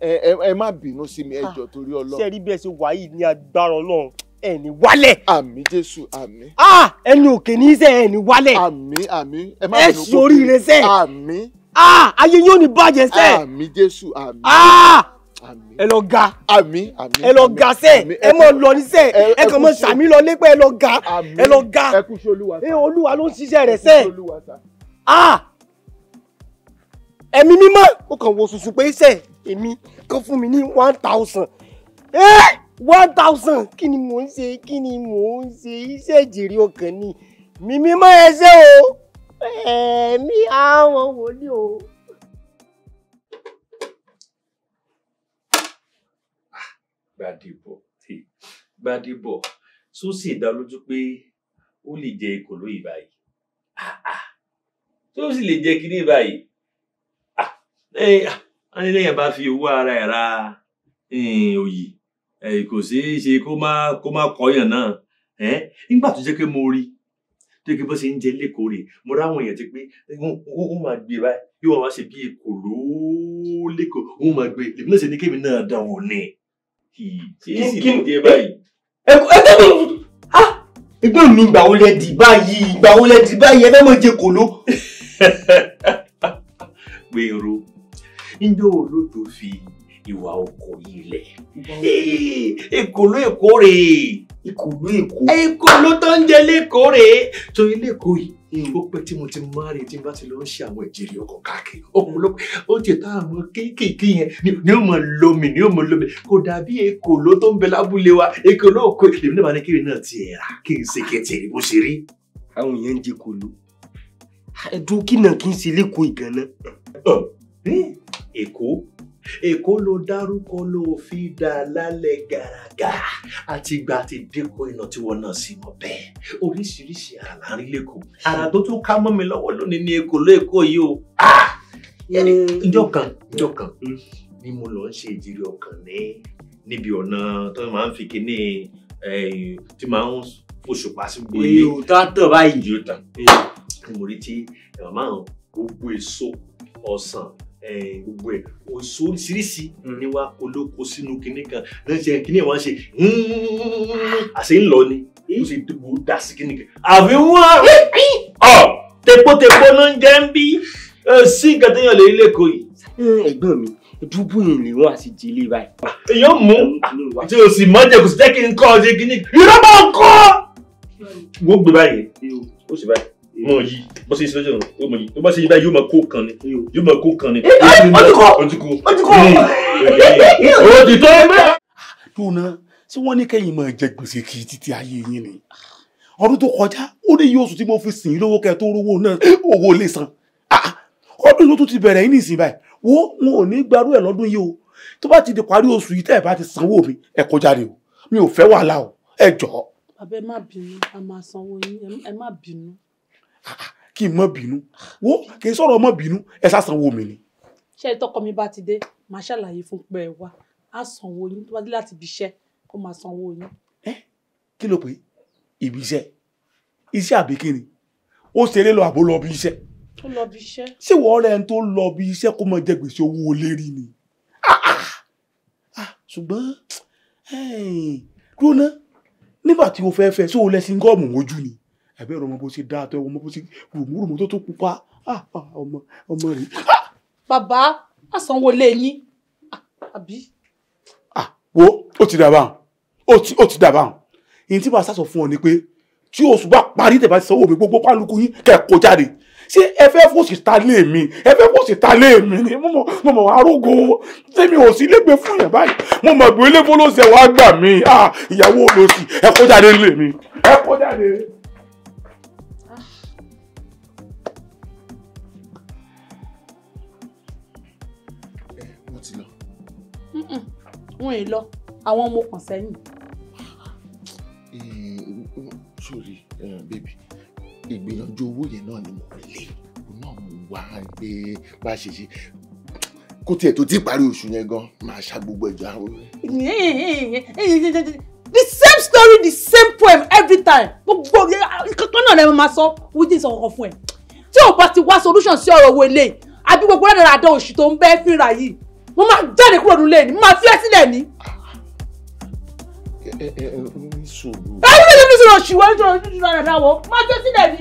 S2: ẹ ẹ má bínú sí mi ẹ ah, jọ̀ọ́ torí Ọlọ́run. ṣe rí bí ẹ ṣe wà yìí ní agbára Ọlọ́run ẹ ní wálẹ̀. àmín Jésù àmín. a ah, ẹni òkè ní sẹ ẹ ní wálẹ̀. àmín àmín ẹ má bínú kó kí ẹ sori rẹ sẹ. àmín. a ah, ayé yóò ní bàjẹ́ sẹ. àmín Jésù àmín. a ẹ lọ ga ẹ lọ ga sẹ ẹ mọ lọ ní sẹ ẹ kàn mọ sàmì lọ lépẹ ẹ lọ ga ẹ lọ ga ẹ Olúwa ló ń ṣiṣẹ́ rẹ̀ sẹ a ẹ̀mí ó kàn wo sùsù pé sẹ èmi kó fún mi ní one thousand eh! one thousand kí ni mò ń ṣe kí ni mò ń ṣe iṣẹ́ ìjèrè ọkàn ni mímí mọ́ ẹsẹ̀ o ẹ̀ẹ́mí àwọn wòlíì o. Gbádébọ̀ Gbádébọ̀ tó sì dá lójú pé ó lè jẹ ekòló yìí báyìí ah, ah. tó lè jẹ kínní báyìí. Ah, eh, wọn ní lẹ́yìn bá fi owó ara ẹ̀ ra eh, òyì eh, kò ṣeé ṣe kó má kó má kọyàn náà nígbà tó jẹ́ pé mo rí tó kí bó ṣe ń jẹ lẹ́kọ̀ọ́ rẹ̀ mo ráwọn èèyàn ti pé wọ́n máa gbé e báyìí yóò wá ṣe bí èkòló lẹ́kọ̀ọ́ wọ́n máa gbé e. èmi náà ṣe ní kémi náà dán wò ní.
S1: kí ni kí
S2: ni ẹgbẹ́ mi ìgbà wo lẹ báyìí ìgbà wo lẹ báyìí ẹ fẹ́ jẹ kòló. gbèrò níjọ́ olóòtú fi ìwà ọkọ yìí lẹ̀. Èkòló Èkó rèé. Èkòló Èkó. Èkòló tó ń jẹ lẹ́kọ̀ọ́ rèé. Torí lẹ́kọ̀ọ́ yìí ó pẹ́ tí mo ti máa rí tí n bá ti lọ ń ṣe àwọn ìjèrè ọkọ̀ káàkiri ọ̀pọ̀lọpọ̀ ó ti tá àwọn kéékèèké yẹn ni ó mọ lomi ni ó mọ lomi kò dàbí èkòló tó ń bẹ lábúlé wa èkòló òkò èmi náà bá ní kiri náà ti ẹ̀ rà kí n ṣe kẹtì bó ṣe rí. àwọn èèyàn ń jẹ kòló ẹdùn kí náà kí n ṣe lẹkọọ ìgànnà èkó èkó ló dárúkọ ló fi dá lálẹ́ gàràgà àti ìgbà àti dẹ́kọ̀ iná tí wọ́n náà sì mọ̀ bẹ́ẹ̀ oríṣiríṣi ara là ń rí lẹ́kọ̀ọ́ ara tó tún ká mọ́ mi lọ́wọ́ lónìí ní èkó lẹ́kọ̀ọ́ yìí o ìjọ ah! kan ìjọ kan mm. ni mo lọ ń ṣe ìjírí ọkàn ní níbi ọ̀nà tó máa ń fi kíní tí máa ń fòṣùpá sí gbogbo ilé. ìyó tá a tàn báyìí. ìyó tán. mo rí tí màmá àwọn gbogbo èso ọsàn gbogbo ẹ̀ oṣù oríṣiríṣi mm. ni wàá kolóko sínú kinní kan ní ṣe kinní ẹ̀ wá ṣe àṣẹ ńlọ ni ó sì dìbò dà sí kinní kan àfi wọ́n ọ tepotepo ló ń jẹ́ ń bí sí nǹkan téèyàn lè lè kó yìí. ẹ̀gbọ́n mi dúbù ìlú wọn àti jìlì báyìí. Ah, èèyàn mú ah, tí o sì mọ́ jẹ kò sì jẹ́ kí n kọ́ ọ ṣe kinní. ìrọ́bà ọkọ. wọ́n gbé báyìí ó sì báyìí mọ yìí bó ṣe ṣe lọ́jọ́ yóò mọ yìí bó bá ṣe yìí báyìí yóò máa kó kan ni yóò máa kó kan ni. ojúkọ ojúkọ ojúkọ òtítọ́ ẹgbẹ́. dùnà tí wọ́n ní kẹ́yìn máa jẹ gbèsè kì í títí ayé yín ni ọdún tó kọjá ó ní yóò sùn tí mo fi sìn lówó kẹ tó rówó náà owó lè san ọdún yóò tún ti bẹ̀rẹ̀ yín nìsín báyìí wo wọn ò ní gbarú ẹ̀ lọ́dún yìí o tó bá ti di parí oṣù yìí tẹ́ bá ti sanwó mi ẹ̀ kó jáde o mi ò fẹ́ wàhálà o ẹ jọ̀ọ́.
S4: àbẹ má bínú a máa sanwó yín ẹ má bínú
S2: kí n má bínú wo kì í sọ̀rọ̀ má bínú ẹ sàsàn wo mi ni.
S4: ṣé ẹ tọkọ mi bá ti dé màá ṣàlàyé fún pé ẹ wá á sanwó yín tó bá dé láti ibi iṣẹ́ kó máa sanwó yín. ẹ
S2: kí ló pé ibi iṣẹ́ iṣẹ́ àbí kí ni ó ṣeré lọ àbó lọ bí iṣẹ́. ó lọ bí iṣẹ́. ṣé wọ́n rẹ̀ ń tó lọ bí iṣẹ́ kó máa jẹ gbèsè owó lérí ni. Ah, ah, ah. ṣùgbọ́n dúró ná nígbà tí o fẹ́ fẹ́ sóò lẹ́sìn gọ́ọ̀mù ojú ni ẹ̀bẹ́ ìrọ̀mọ bó ṣe dáa tó ẹ̀wọ̀n bó ṣe rùmùrùmù tó tó pupa ah, ah, ọmọ ọmọ rẹ̀. Ah,
S4: bàbá àsanwóolé yín àbí.
S2: wo ó ti dàbà ó ti dàbà ìyẹn tí màá sá sọ fún ọ ni pé tí oṣù bá parí tẹ̀ bá ti sanwó mi gbogbo pálukú yín kẹ̀ kó jáde ṣé ẹ fẹ́ fòsì ta lé mi ẹ fẹ́ fòsì ta lé mi ni mo mọ̀ mo mọ̀ arógo tẹ́mi ò sí lẹ́gbẹ̀ẹ́ fún yẹn báyìí mo mọ̀ gbé lẹ́gbẹ̀ẹ́ ló ṣe wàá gbà mí ìyàwó olóṣì ẹ kó jáde lé mi ẹ kó jáde.
S4: wọn è lọ àwọn ọmọ kàn sẹ́yìn.
S2: Eh, sorry eh, baby ìgbìyànjú owó yẹn náà ni mo lè náà mo wá gbé bá a ṣe ṣe kó tiẹ̀ tó ti parí oṣù yẹn gan máa ṣá gbogbo ẹ̀jọ̀ àwọn.
S4: the same story the same poem every time gbogbo kankan náà lè máa sọ wíjì sọ ọkọ fún ẹ tí o bá ti wá solution sí ọ̀rọ̀ owó eléyìí àbí gbogbo rẹ̀ dáadáa oṣù tó ń bẹ́ẹ̀ fínra yìí mo máa jáde kúrò nílé ni mo máa fi ẹ́ sílẹ̀ ni.
S2: ẹ ẹ ẹ ní sùúrù. ẹ ní sùúrù
S4: ṣùgbọ́n ní sùúrù ṣùgbọ́n ní sùúrù rẹ̀ dáwọ́ máa fi ẹ́ sílẹ̀ ni.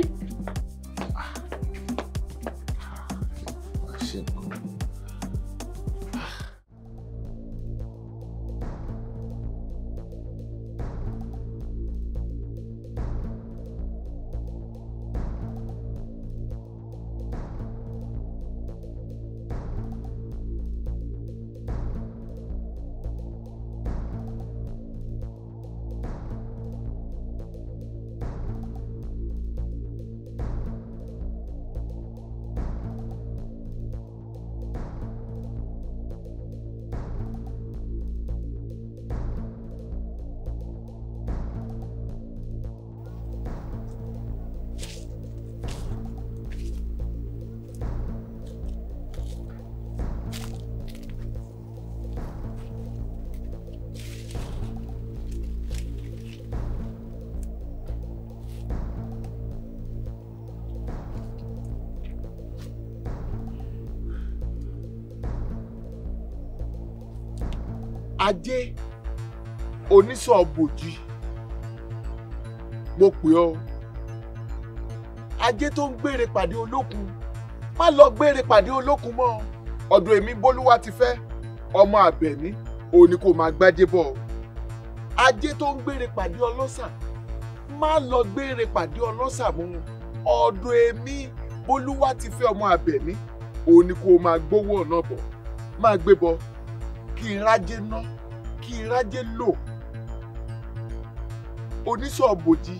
S2: ajé onísọ̀bòjì mo pè ọ́ ajé tó ń gbére pàdé olókun má lọ gbére pàdé olókun mọ́ ọ̀dọ̀ èmi bólúwa ti fẹ́ ọmọ àbẹ̀ní òun ni kò máa gbájé bọ̀ ajé tó ń gbére pàdé ọlọ́ṣà má lọ gbére pàdé ọlọ́ṣà mú ọ̀dọ̀ èmi bólúwa ti fẹ́ ọmọ àbẹ̀ní òun ni kò máa gbówó ọ̀nà bọ̀ máa gbé bọ̀ kí n rájé ná kí n rájé lò oníṣọ̀bòjì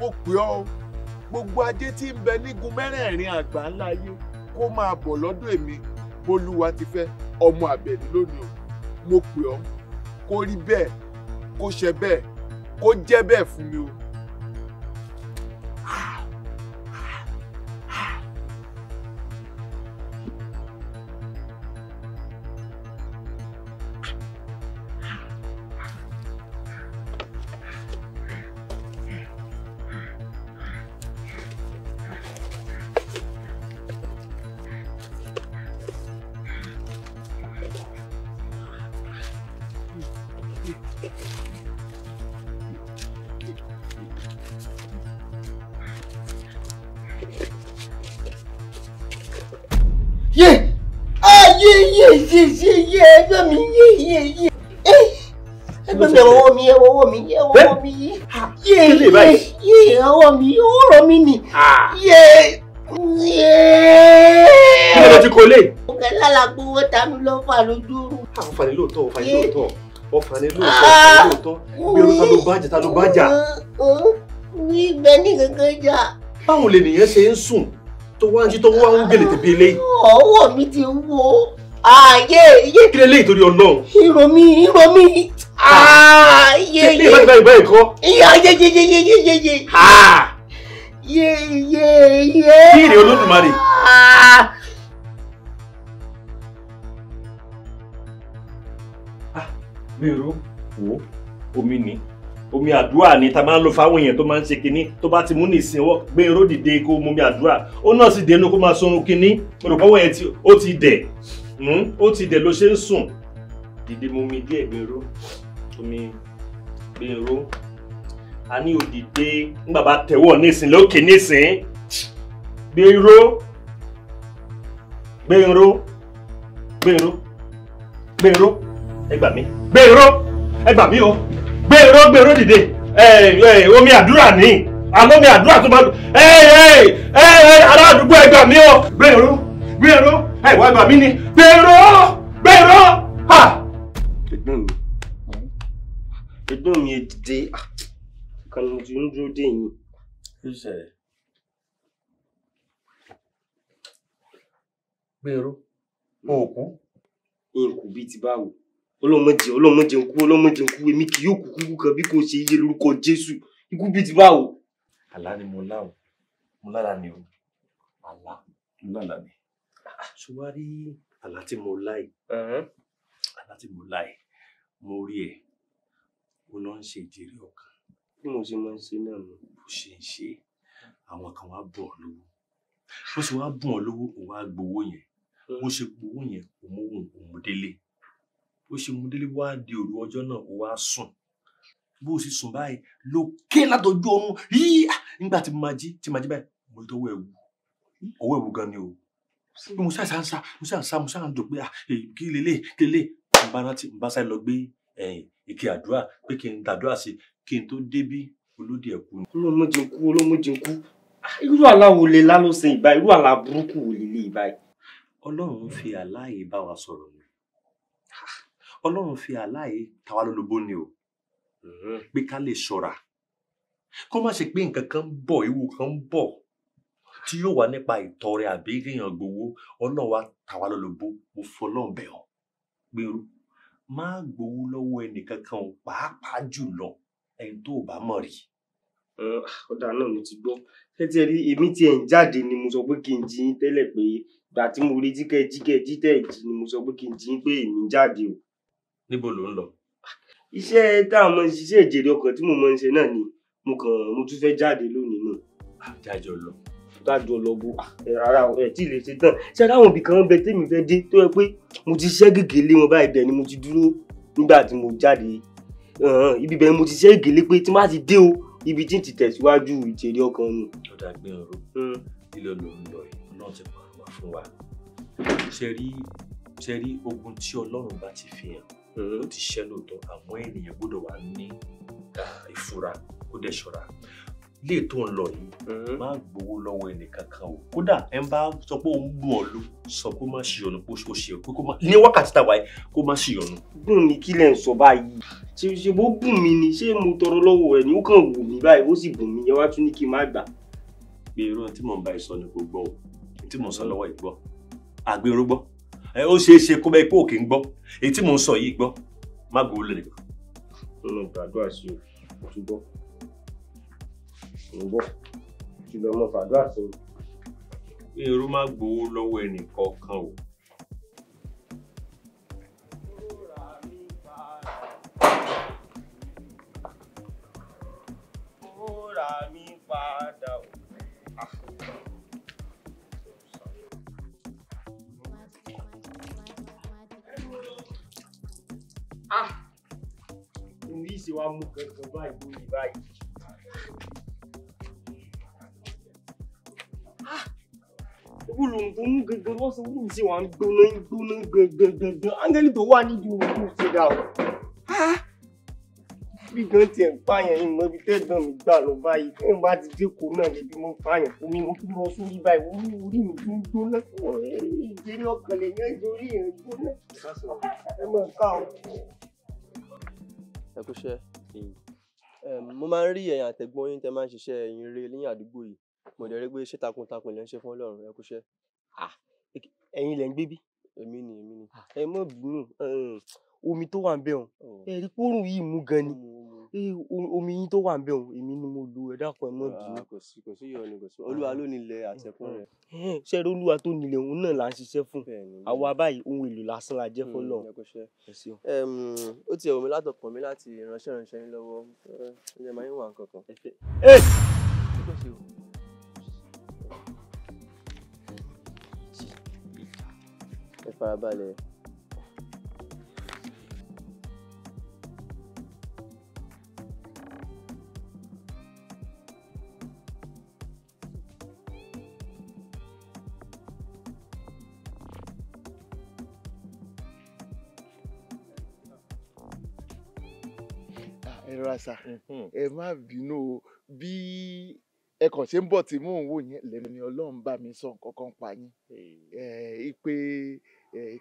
S2: ó pè ọ́ gbogbo ajé tí ń bẹ nígun mẹ́rẹ̀ẹ̀rin àgbà ńlá ayé kó máa bọ̀ lọ́dọ̀ èmi bólúwa ti fẹ́ ọmọ àbẹ̀ní lónìí o mo pè ọ́ kó rí bẹ́ẹ̀ kó ṣe bẹ́ẹ̀ kó jẹ́ bẹ́ẹ̀ fún mi o. ṣe ṣe yé ẹgbẹ́ mi yé yé yé ẹgbẹ́ mi ọwọ́ mi ọwọ́ mi ọwọ́
S3: mi yé yé yé ọwọ́ mi ọwọ́ mi ni yé yé. kí ló ti kọ́lé. ọ̀gá lálàgbó owó ta mi lọ́ fà lójú oorun.
S2: àwọn fani lóòótọ́ fani lóòótọ́ ọ̀fà ni lóòótọ́ fani
S3: ah. lóòótọ́ bí olùkọ́ ló bá
S2: jà ta ló bá jà.
S3: ní ibẹ̀ ní kankan jà.
S2: báwo lè nìyẹn ṣe ń sùn tó wá ń jí tó wá ń gbèlè tẹ̀bí eléyìí.
S3: ọwọ́ mi ti wó ààyè
S2: iye. kí lélẹ́yìn torí ọlọ́run. ìrò mi ìrò mi. ààyè iye. kí lè bá ìbá ìkọ́. iye iye iye iye iye iye iye. iye iye iye. kí èrè olódùmarè. gbèrò ah! ah, wo omi ni omi àdúrà ni ta máa ń lo fáwọn èèyàn tó máa ń ṣe kinní tó bá ti mú ní ìsìn ọwọ́ gbèrò dìde kó mu omi àdúrà ó náà sì dénú kó máa sunrun kinní mo rò pọ́wọ́ yẹn ó ti dẹ̀ ó ti dẹ̀ ló ṣe ń sùn dìde mu mi díẹ̀ gbèrú omi gbèrú a ní òdìdé ń bàbá tẹ̀wọ̀ nísìn lókè nísìn gbèrú gbèrú gbèrú gbèrú ẹ gbà mí gbèrú ẹ gbà mí o gbèrú gbèrú dìde omi àdúrà ní àmọ́ omi àdúrà tó máa ẹ ẹ ẹ ẹ ará àdúgbò ẹ gbà mí o gbèrú gbèrò ẹ wá gbà mí ni gbèrò gbèrò ha. ẹ̀gbọ́n mi ẹ̀gbọ́n mi dìde ah,
S1: kanu ti ń dúró dé yín.
S2: gbèrò òkú. ìkù bíi ti báwo olómọdé olómọdé ń kú olómọdé ń kú èmi kì yóò kú kúkú kan bí kò ṣe iye lórúkọ Jésù ikú bíi ti báwo. àlá ni mo lá o mo lára ni o àlá mo lára ni ṣùgbọ́n rí àlá tí mo láì àlá tí mo láì mo rí ẹ ó lọ ń ṣe ìjèrè ọkàn bí mo ṣe máa ń ṣe náà mo bó ṣe ń ṣe àwọn kan wá bọ̀ ọ́ lówó bó ṣe wá bọ̀ ọ́ lówó òun á gbowó yẹn hmm. bó ṣe gbowó yẹn òun òun délé bó ṣe mú délé wá di òru ọjọ́ náà ó wá sùn bó ṣe sùn báyìí ló ké látọjú oorun yíyá nígbà tí mo máa jí tí mo máa jí báyìí mo rí tọwọ́ ẹ̀wù ọwọ́ ẹ̀wù gan ni o mo ṣáà ń sá mo ṣáà ń sá mo ṣáà ń dùn pé ah, kí lélẹ̀ kí lélẹ̀ n bá rántí n bá sáré lọ gbé eh, ike àdúrà pé kí n dàdúrà sí kí n tó débí olóde ẹ̀kú. olómọdé ń kú olómọdé ń kú ah, irú aláwo lè lálọ́sẹ̀ ìbá irú àlá burúkú wò lè lé ìbá yìí. ọlọ́run fi àláyé bá wa sọ̀rọ̀ ni ah, ọlọ́run fi àláyé táwa lólobó ni o mm-hmm. pé ká lè ṣọ́ra kó má ṣe pé nǹkan kan ń bọ̀ ewu kan ń bọ̀ tí yóò wá nípa ìtọrẹ àbí kéèyàn gbowó ọlọ́run wa tàwa lọ́lọ́bó mo fọlọ́run bẹ̀ ọ́ gbèrú má gbowó lọ́wọ́ ẹnìkankan o pàápàá jùlọ ẹni tó bá mọ̀ rí. Ah, ọ̀dà náà mo ti gbọ́ tẹ́tí ẹ rí èmi tí ẹ̀ ń jáde ni mo sọ pé kí n jí yín tẹ́lẹ̀ pé ìgbà tí mo rí jíkẹ́ jíkẹ́ jíkẹ́ jí ni mo sọ pé kí n jí yín pé èmi ń jáde o. níbo ló ń lọ. iṣẹ́ táwọn ọmọ iṣẹ́ ìjèrè ọkàn tí mo mọ ń ṣe náà ni mo kàn mo tún fẹ́ jáde lónìí náà. àjájọ lọ kájọ lọ bo ah, ara ẹ tí lè ṣe tán ṣé ara àwọn ibì kan bẹ tèmi fẹ́ dé tó yẹ pé mo ti ṣẹ́ gègélé wọn báyìí bẹ́ẹ̀ ni mo ti dúró nígbà tí mo jáde ibi bẹ́ẹ̀ mo ti ṣẹ́ gègélé pé tí má ti dé o ibi tí n ti tẹ̀síwájú ìtẹ̀lé ọkàn mi. ọ̀dà gbẹ̀rù hmm. ilé olóhùn lọ yìí náà ti pàrọwà fún wa ṣe rí ṣe rí ogun tí ọlọ́run bá ti fi hàn hmm. ó ti ṣẹ́ lóòótọ́ àwọn ènìyàn gbọ́dọ̀ wà ní ah, ìfura ó dẹ̀ ṣọ́ra ilé tó ń lọ yìí mm-hmm. má gbowó lọ́wọ́ ẹnìkankan o kódà ẹ bá sọ pé òun bù ọ ló sọ pé má ṣe ọ̀nà pé ó ṣe ọ ní wákàtí tàwa yìí kó má ṣe ọ̀nà. bùn mi kí lẹ̀ ń sọ báyìí ṣe ṣe bó bùn mi ni ṣé mo tọrọ lọ́wọ́ ẹ̀ ni ó kàn wù mí báyìí ó sì bùn mi yẹn wá tún ní kí n má gbà. pé tí mò ń bá ẹ sọ ni kò gbọ́ o tí mò ń sọ lọ́wọ́ ì gbọ́ àgbèrò gbọ́ ó ṣeé ṣe kó bẹ́ẹ̀ pé òkè ń gbọ́ èyí tí mò ń sọ yìí gbọ́ má gbowó lẹ́nu. ọlọ́run gbàdúrà sí o túbọ̀ ń bọ̀ ṣùgbọ́n mo fàdúrà sí i. èrò má gbowó lọ́wọ́ ẹnì kọ̀ọ̀kan o. Ah! Ní ìṣèwà mú kankan báyìí lórí báyìí. wulungunu gangan wọ́n sọ wúlù sí wa ń gbóná ń gbóná gangan gangan áńgẹ́lì tó wà nídìí òkú ṣe dà o. Ah! bí gan tiẹ̀ ń pààyàn yìí mọ ibi tẹ́gbọ̀n mi gbà lọ báyìí kí n bá ti dé kó náà lẹ́bi mo ń pààyàn fún mi mo tún lọ sórí báyìí orí orí mi tún gbóná ìjẹ́rìí ọkàn lè yan ìjọrí yẹn gbóná. ẹ mọ̀ ká o. ẹ
S3: kú
S2: mo máa ń rí ẹ̀yin àtẹ̀gbọ́n yín tẹ́ máa ń ṣiṣẹ́ ẹ̀yin eré lẹ́yìn àdúgbò yìí mo dẹ̀ rí pé ṣé takuntakun lẹ ń ṣe fún ọlọ́run ẹ kúṣẹ́ ẹ̀yin lẹ ń gbé bí èmi ni èmi ni ẹ mọ̀ bínú omi tó wà ń bẹ̀ ọ̀hún ẹ̀rí pòrùn yìí mú gan ni omi yín tó wà ń bẹ̀ ọ̀hún èmi ni mo lu ẹ̀dá kan ẹ mọ̀ bínú. kò sí kò sí yọ̀ọ́ ni kò sí olúwa ló nílẹ̀ àtẹ̀kùn rẹ̀. ṣé rí olúwa tó nílẹ̀ òun náà là ń ṣiṣẹ́ fún àwa báyìí ohun èlò lásán la jẹ́ fọlọ́. Mm, ó ti ẹ̀wọ̀n mi látọkàn mi láti ránṣẹ́ ránṣẹ́ yín lọ́wọ́ ẹ ẹ farabalẹ̀. Ah, ẹ rọra sà hmm. ẹ má bínú o bí ẹ kàn ṣe ń bọ̀ tí mò ń wò yín lèmi ni ọlọ́run bá mi sọ nǹkan kan pa yín ẹ pé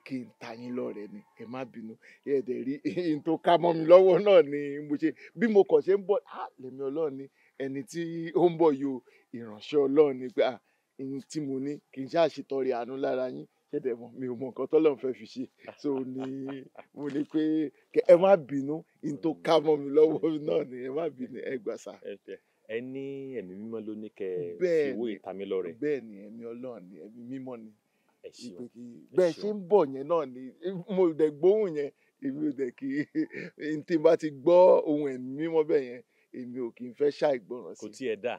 S2: kí n ta yín lọ́rẹ̀ ni ẹ má bínú ẹ dẹ̀ rí n tó ká mọ́ mi lọ́wọ́ náà ni mo ṣe bí mo kàn ṣe ń bọ̀ lèmi ọlọ́run ni ẹni tí ó ń bọ̀ yóò ìránṣẹ́ ọlọ́run ni pé n tí mo ní kì í ṣáà ṣètọrẹ àánú lára yín kéde mọ mi ò mọ nǹkan tọ́lọ́ fẹ́ fi ṣe so ni mo ní pé ẹ má bínú n tó ká mọ́ mi lọ́wọ́ náà ni ẹ má bínú ẹ gbà sá ẹ ní ẹ̀mí mímọ́ ló ní kẹ́ ìwé ìtamílọ rẹ̀. bẹ́ẹ̀ ni ẹ̀mí Ọlọ́run ni ẹ̀mí mímọ́ ni bẹ́ẹ̀ ṣe ń bọ̀ yẹn náà ni mo dẹ̀ gbóhùn yẹn èmi ò dẹ̀ kí n tí n bá ti gbọ́ ohun ẹ̀mí mímọ́ bẹ́ẹ̀ yẹn èmi ò kì í fẹ́ ṣàìgbọràn sí. kò tiẹ̀ dà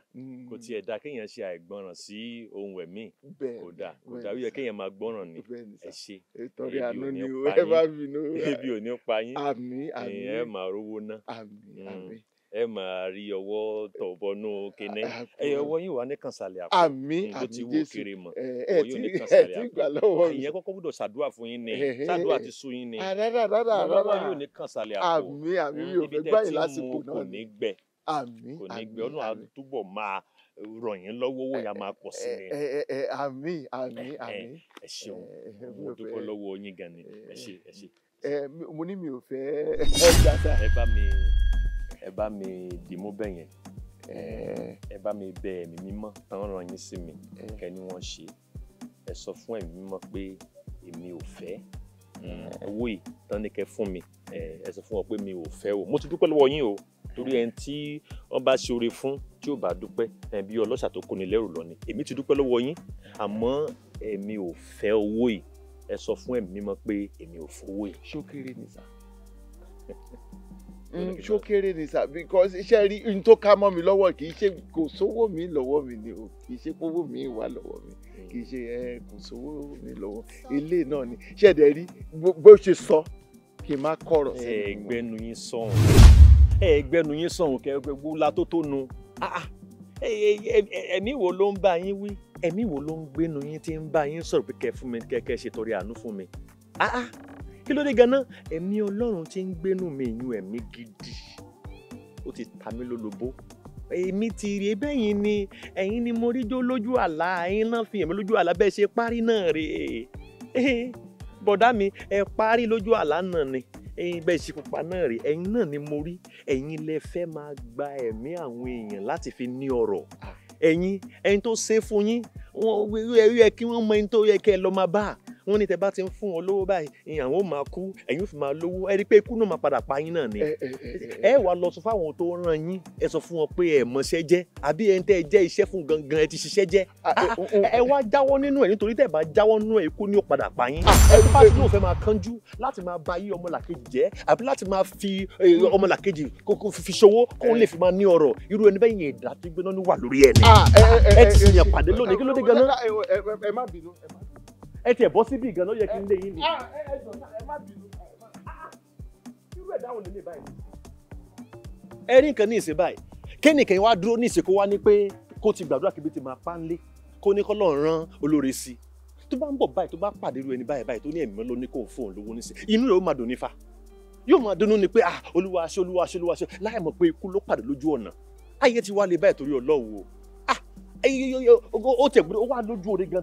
S2: kò tiẹ̀ hmm. dà kéèyàn ṣe àìgbọràn sí ohun ẹ̀mí kò dà kò dà wíyẹ kéèyàn máa gbọ́ràn ní ẹ ṣe ètòrí àánú ni o ẹ bá bínú ebi ò ní pa yín àmín àmín ẹ máa rówó ná. àmín hmm. àmín ẹ máa rí ọwọ́ tọ̀bọnú kínní ẹyẹ ọwọ́ yìí wà ní kànsálẹ̀ àpò àmì àmì jésù ẹ ti ẹ ti gbà lọ́wọ́ mi ìyẹn kọ́kọ́ gbọ́dọ̀ ṣàdúrà fún yín ni ṣàdúrà ti sún yín ni ah, rárá rárá rárá yóò ní kànsálẹ̀ àpò àmì àmì yóò fẹ́ gbà yín lásìkò náà kò ní gbẹ kò ní gbẹ ọ̀nà máa ràn yín lọ́wọ́ owó yẹn máa pọ̀ sí ni. àmì àmì àmì ẹ ṣeun mo dúpẹ́ lọ́wọ́ ẹ bá mi dìímú bẹ̀yẹn ẹ bá mi bẹ ẹ̀mí mímọ́ tán ràn yín sí mi kẹ́ ni wọ́n ṣe ẹ sọ fún ẹ̀mí mímọ́ pé èmi ò fẹ́ owó yìí tán ní kẹ́ fún mi ẹ sọ fún wọn pé mi ò fẹ́ o mo ti dúpẹ́ lọ́wọ́ yín o torí ẹni tí wọ́n bá ṣe oore fún tí ò bá dúpẹ́ ẹbí ọlọ́ṣà tó kóni lẹ́rù lọ ni èmi ti dúpẹ́ lọ́wọ́ yín àmọ́ èmi ò fẹ́ owó yìí ẹ sọ fún ẹ̀mí mímọ́ pé èmi ò fowó yìí. ṣókèrè nìsa. Mm. ṣó kéré ni sir because iṣẹ́ rí n tó ká mọ́ mi lọ́wọ́ kì í ṣe kò sówó mi lọ́wọ́ mi ni o kì í ṣe kówó mi wà lọ́wọ́ mi kì í ṣe ẹ kò sówó mi lọ́wọ́ ilé náà ni ṣẹ̀dẹ̀ rí bó ṣe sọ kì í má kọ̀rọ̀ sí i. ẹgbẹ́nu yín sọ̀hún ẹgbẹ́nu yín sọ̀hún kẹgbẹ́ wúlá tó tó nu ah, ah. ẹ̀mí wo ló ń bá yín wí ẹ̀mí wo ló ń gbénu yín tí ń bá yín sọ̀rọ̀ pé kẹ́ fún mi kẹ́kẹ́ ṣe torí àánú fún mi. Ah, kí ló dé ganan ẹ̀mí ọlọ́run ti ń gbénu mi ìyún ẹ̀mí gidi ó ti ta mí lólobó èmi ti rí e bẹ́yìn ni ẹ̀yin ni mo rí jó lójú àlá ẹ̀yin náà fi ẹ̀mí lójú àlá bẹ́ẹ̀ ṣe parí náà rè é bọ̀dá mi ẹ parí lójú àlá náà ni ẹ̀yin bẹ́ẹ̀ ṣe pupa náà rè ẹ̀yin náà ni mo rí ẹ̀yin lẹ fẹ́ máa gba ẹ̀mí àwọn èèyàn láti fi ní ọrọ̀ ah. ẹ̀yin ẹni tó ṣe fún yín wọ́n yẹ kí wọ́n mọ ẹni tó yẹ kẹ́ ẹ lọ máa bá a wọ́n ní tẹ bá ti ń fún wọn lówó báyìí àwọn máa kú ẹ̀yin ò fi máa lówó ẹ rí i pé ikú náà máa padà pa yín náà ni ẹ wàá lọ sọ fáwọn tó ràn yín ẹ sọ fún wọn pé ẹ mọṣẹ́ jẹ́ àbí ẹ ń tẹ́ ẹ jẹ́ fún gangan ẹ ti ṣiṣẹ́ jẹ́ ah, ah, ẹ wá jáwọ́ nínú ẹ̀ nítorí tẹ́ bá jáwọ́ nínú ẹ̀ ikú ni ó padà pa yín ah, ẹ bá ti náà fẹ́ máa kánjú láti máa ba yí ọmọlàkejì jẹ́ àbí láti máa fi ọmọlàkejì fi ṣòwò kó lè fi máa ní ọrọ̀ irú ẹni bẹ́yìn ẹ̀dá tó gbéná ní wà lórí ẹ̀ ni ẹ ti yàn pàdé lónìí kí ló dé ganan. ẹ má bínú ẹ má bínú ẹ tiẹ̀ bọ́ síbí gan ló yẹ kí n lé yín ni. ẹ jọ ẹ má bínú irú ẹ̀ dáhùn lélẹ̀ báyìí. ẹ rí nǹkan ní ìsìn báyìí kéènìkan wá dúró ní ìsìnkú wá ní pé kó ti gbàdúrà kíbi tí máa pa ń lé kó ní kọ́ lọ́ọ̀ rán olóore sí i tó bá ń bọ̀ báyìí tó bá pàdé irú ẹni báyìí báyìí tó ní ẹ̀mí ló ní kó fóun lówó ní sí inú rẹ̀ ó máa dùn nífa yóò máa dunnú ni pé ah olúwa ṣe olúwa ṣe olúwa ṣe láì mọ̀ pé ikú ló pàdé lójú ọ̀nà ayé ti wá lè báyìí torí ọlọ́wọ́ ah ó tẹ̀ gbọ́dọ̀ ó wà lójú oore gan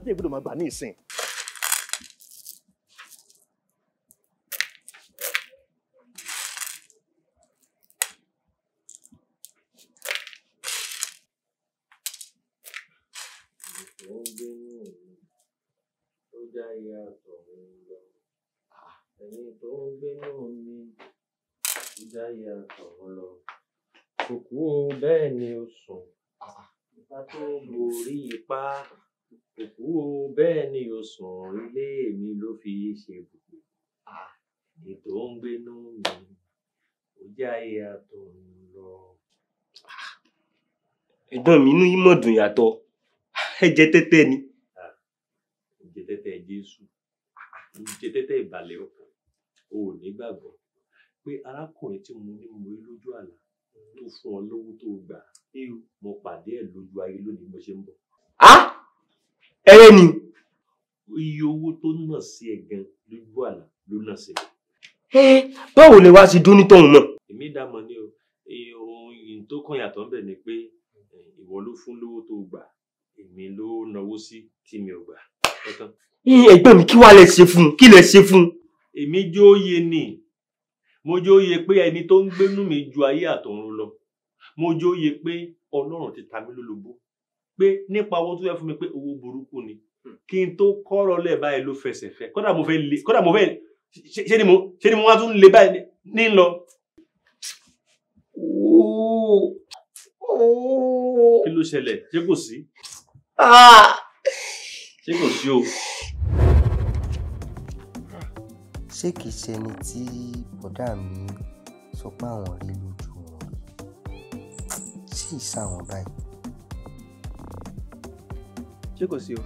S2: yàtọ̀ òun lọ. Ẹni tó ń gbénú omi ìjà yàtọ̀ òun lọ. Kò kú o bẹ́ẹ̀ ni o sùn. Ipá tó borí ipá. Kò kú o bẹ́ẹ̀ ni o sùn. Ilé mi ló fi ṣe ibùgbé. Ẹni tó ń gbénú omi ìjà yàtọ̀ òun lọ. Ẹ̀gbọ́n mi inú yín mọ̀ dùn yàtọ̀. Ẹ jẹ tẹ́tẹ́ ni tẹ́tẹ́ Jésù ń jẹ tẹ́tẹ́ ìbàlẹ̀ ọkàn o ò ní gbàgbọ́ pé arákùnrin tí mo ní mo rí lójú àlá tó fún ọ lówó tó gbà mo pàdé ẹ lójú ayé lónìí mo ṣe ń bọ̀. a ẹrẹ ni. iye owó tó nà sí ẹ gan lójú àlá ló nà sí ẹ. báwo lè wá sí dúní tóun náà. èmi dá mọ̀ ní o ohun tó kàn yàtọ̀ ńbẹ̀ ni pé ìwọ ló fún lówó tó gbà èmi ló náwó sí tí mi ò gbà ẹgbẹ́ mi kí wàá lẹ ṣe fún un kí lẹ ṣe fún un. èmi jóye ni mo jóye pé ẹni tó ń gbénú mi ju ayé àtọ̀run lọ mo jóye pé ọlọ́run ti ta mí lólobó pé nípa owó tó yẹ fún mi pé owó burúkú ni hmm. kí n tó kọ́rọ̀ lẹ̀ báyìí ló fẹsẹ̀ fẹ́ kódà mo fẹ́ le kódà mo fẹ́ ṣe ni mo ṣe ni mo wá tún le báyìí ní lọ. kí ló ṣẹlẹ̀ ṣé kò sí. Ah! ṣé kò sí o. ṣé kìí ṣe ẹni tí bọ́dà mi sọ pé àwọn rí lójú wọn rí ṣé báyìí. ṣé kò sí o.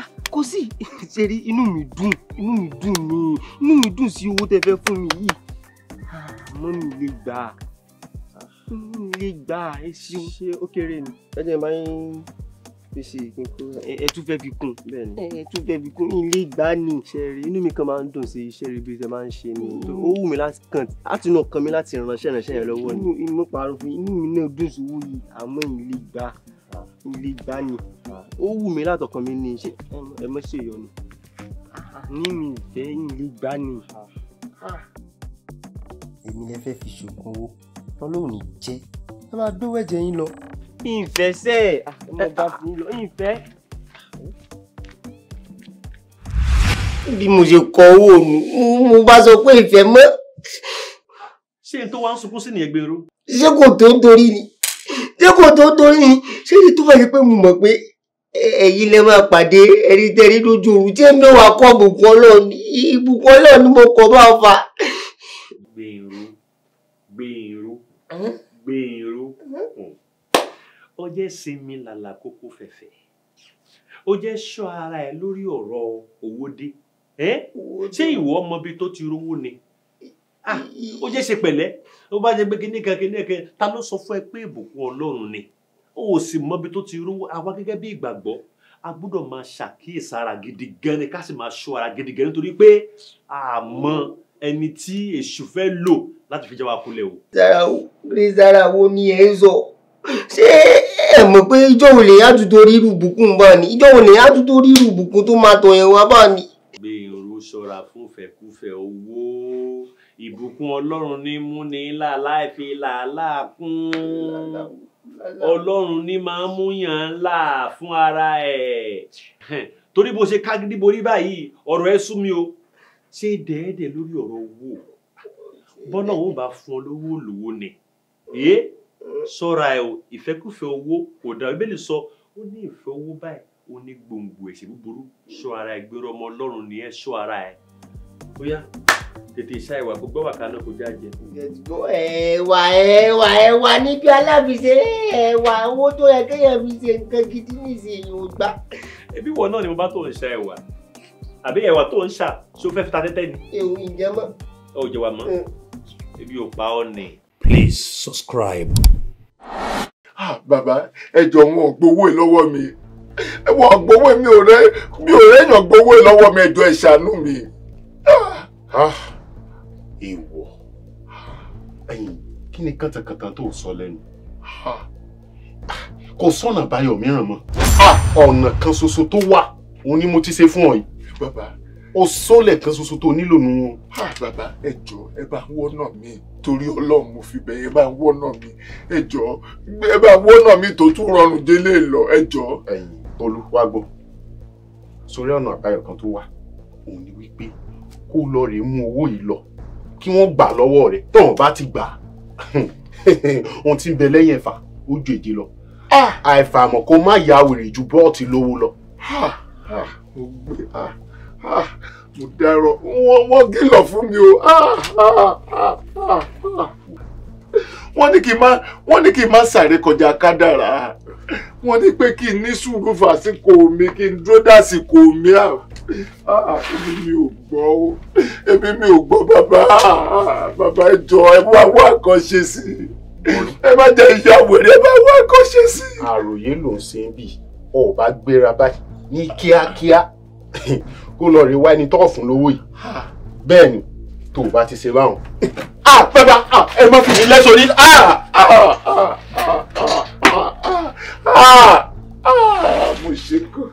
S2: Ah, kò sí ṣeré inú mi dùn inú mi dùn ni inú mi dùn sí owó tẹ́ fẹ́ fún mi yìí ah, àmọ́ mi lè gbà á ah, mi lè gbà ẹ ṣeun. ṣé ó kéré ni ẹ jẹ́ báyìí fèsì ìkúnkún ẹ tún fẹ́ fi kún ẹ tún fẹ́ fi kún ilé ìgbà ni ṣẹ́ẹ̀rì inú mi kan máa ń dùn sí ṣẹ́ẹ̀rì bí ẹ máa ń ṣe ni mm. ó wù mí láti kàn láti inú ọkàn mi láti ránṣẹ́ ránṣẹ́ yẹn lọ́wọ́ ni inú mi parọ́ fún inú mi náà dùn sí wú yìí àmọ́ ilé ìgbà ilé ìgbà ni ó wù mí látọkàn mi ni. ṣe ẹ mọ́ ṣe ìyọnu ní mi ìfẹ́ ilé ìgbà ni. èmi lè fẹ́ fi ṣògùn owó wọn lóun ní jẹ́ ẹ máa dówó yín lọ ìfẹ́ sẹ́ mo bá fún yín lọ ìfẹ́. bí mo ṣe kọ owó mi mo bá sọ pé ìfẹ́ mọ́. ṣé n tó wá ń sunkún sí nìyẹn gbèrú. ṣé kò tó ń torí ni ṣé kò tó ń torí ni ṣé èyí tó bá yẹ pé mo mọ̀ pé ẹ̀yin lè máa pàdé ẹni tẹ́rí lójú òru tí èmi wàá kọ́ ìbùkún ọlọ́run ìbùkún ọlọ́run ni mo kọ́ bá fa. gbèrú gbèrú hm? gbèrú ó jẹ́ sinmi làlà kókó fẹ̀fẹ̀ ó jẹ́ ṣọ́ ara ẹ lórí ọ̀rọ̀ owó dé ṣé ìwọ ọmọbi tó ti rówó ni ó jẹ́ ṣe pẹ̀lẹ́ ó bá jẹ́ pé kíní kan kíní kan ta ló sọ fún ẹ pé ìbùkún ọlọ́run ni ó sì mọbi tó ti rówó àwa gẹ́gẹ́ bí ìgbàgbọ́ a gbọ́dọ̀ máa ṣàkíyèsára gidi gan ni ká sì máa ṣọ́ ara gidi gan nítorí pé àmọ́ ẹni tí èṣù fẹ́ lò láti fi jẹ́ wa kulẹ̀ o. sára wo ní sára wo ni ẹ ń sọ ṣé ẹ mọ̀ pé ìjọ wo lè yájú torí irú bùkún bá ní ìjọ wo lè yájú torí irú bùkún tó máa tọ̀ yẹn wá bá ní. gbèrò ṣọ́ra fún ìfẹ́kúfẹ̀ẹ́ owó ìbùkún ọlọ́run ní mú ní làálàá fi làálàá kún ọlọ́run ní máa ń múyàn ńlá fún ara ẹ̀ torí bó ṣe kágídí borí báyìí ọ̀rọ̀ ẹ sú mi o ṣé dẹ́ẹ́dẹ́ lórí ọ̀rọ̀ owó bọ́lá òun bá fún ọ lówó lówó ni ṣọ́ra ẹ̀ o ìfẹ́kùfẹ́ owó kò dá Bíbélì sọ ó ní ìfẹ́ owó báyìí ó ní gbòǹgbò ẹ̀ṣẹ̀ búburú ṣọ́ ara ẹ̀ gbèrò ọmọ Ọlọ́run nìyẹn ṣọ́ ara ẹ̀ ó yá tètè ṣá ìwà gbogbo wà kaná kó já jẹ. ẹ̀wà
S4: ẹ̀wà ẹ̀wà níbi aláfiṣe
S2: ẹ̀wà owó tó yẹ kéèyàn fi ṣe nǹkan gidi nísìnyí ò gbà. ẹbí wọn náà ni mo bá tó ń ṣa ẹ̀wà àbí ẹ̀wà tó ń ṣà ṣó fẹ́ fi ta tẹ́tẹ́ ni. èwo ìjẹ́ mọ́. ọ̀ jẹ̀wà mọ́ ebi ò pa ọ́ ni. Please subscribe. Ah, bàbá ẹjọ wọn gbowó lọ́wọ́ mi wọn gbowó mi ò rẹ mi ò rẹyàn gbowó lọ́wọ́ mi ẹjọ ìṣàánú mi. Ah, ìwọ ẹ̀yin kí ni kàtàkàtà tó sọ lẹ́nu ah. kò sọ̀nà àbáyọ mìíràn mọ́ ọ̀nà kan ṣoṣo tó wà òun ni mo ti ṣe fún ọ yìí. bàbá ọsọlẹ kan ṣoṣo tó nílò nù wọn. bàbá ẹ jọ ẹ bá ń wọ́nà mi torí ọlọ́run mo fi bẹ̀ ẹ bá ń wọ́nà mi ẹ jọ ẹ bá ń wọ́nà mi tó tún rọrùn délé lọ ẹ jọ. ẹyin Tolú wá gbọ́ sórí ọ̀nà àbáyọ kan tó wà òun ni wípé kó lọ rèé mú owó yìí lọ kí wọ́n gbà lọ́wọ́ rẹ̀ tọ́wọ́n bá ti gbà ohun tí ń bẹ lẹ́yìn ẹ̀fà ó ju èjì lọ ah! àìfàmọ̀ kó má ya wèrè ju bọ́ọ̀tì lówó lọ.
S1: Ah!
S3: ó gbé
S2: ah! Ah, mo dárọ wọ́n kìlọ̀ fún mi o ah, ah, wọ́n ní kí n má wọ́n ní kí n má sáré kọjá kádàrá wọ́n ní pé kí n ní sùúrù fàsìkò mi kí n dúró dàsìkò mi èmi mi ò gbọ́ o èmi mi ò gbọ́ bàbá bàbá ẹ jọ̀ọ́ ẹ wá wá kan sí i ẹ má jẹ ìyá wèrè ẹ bá wá kan sí i. àròyé ló ń ṣe bí o gbéra báyìí ní kíákíá kó lọ rè wá ẹni tọ́ fún lówó yìí bẹ́ẹ̀ ni tó o bá ti ṣe báwọn. Ah, bàbá ah, ẹ má fi mi lẹ́sọ̀ ní. mo ṣe kọ́.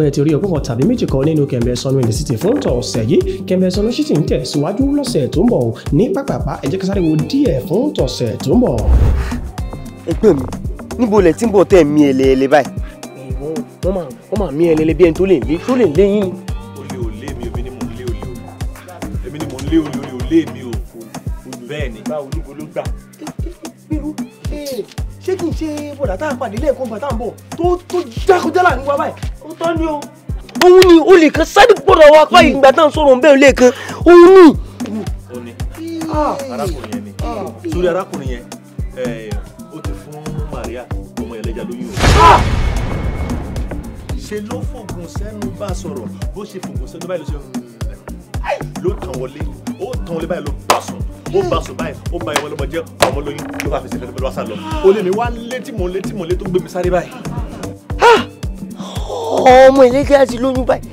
S2: pé ti rí ọgbọ́n kan tàbí méjì kan nínú Kẹ̀mbẹ́ Ìsọnù in the City fún tọ̀ ọ̀sẹ̀ yìí Kẹ̀mbẹ́ Ìsọnù sì ti ń tẹ̀síwájú lọ́sẹ̀ tó ń bọ̀ ní pápápá ẹ jẹ́ ká sáré wo díẹ̀ fún tọ̀sẹ̀ tó ń bọ̀. ẹgbẹ́ mi níbo lẹ ti ń bọ̀ tẹ́ mi ẹlẹ́ẹ̀lẹ́ báyìí. wọ́n máa mi ẹlẹ́ẹ̀lẹ́ bí ẹni tó lè léyìn ni lé olè olè olè mi o bẹ́ẹ̀ ni. báwo níbo ló gbà. irú ṣé kí n ṣe bọ̀dà tá à ń pàdé lẹ́ẹ̀kan gbà tá à ń bọ̀ tó tó jákòjálà ní wa báyìí olè kan sáré gbọ́dọ̀ wá pa ìgbà tá sọ̀rọ̀ bẹ́ẹ̀ lè kan òun ni. Ah, arákùnrin yẹn ni ah. sórí arákùnrin yẹn eh, ó ti fún Maria ọmọ ẹlẹ́jà lóyún o. Ah! ṣe ló fògùn sẹ́nu bá sọ̀rọ̀ bó ṣe fògùn sẹ́nu báyìí ló ṣe ló tàn wọlé ó tàn wọlé báyìí ló bá sùn ó bá sùn báyìí ó bá ìwọ lọmọ jẹ ọmọ lóyún ló bá fi sílẹ̀ lọ́wọ́ sá lọ olè mi wá létí mò ń létí mò ń lé tó gbé mi sáré báyìí. ọmọ ìlẹ́gẹ́ àti lóyún báyìí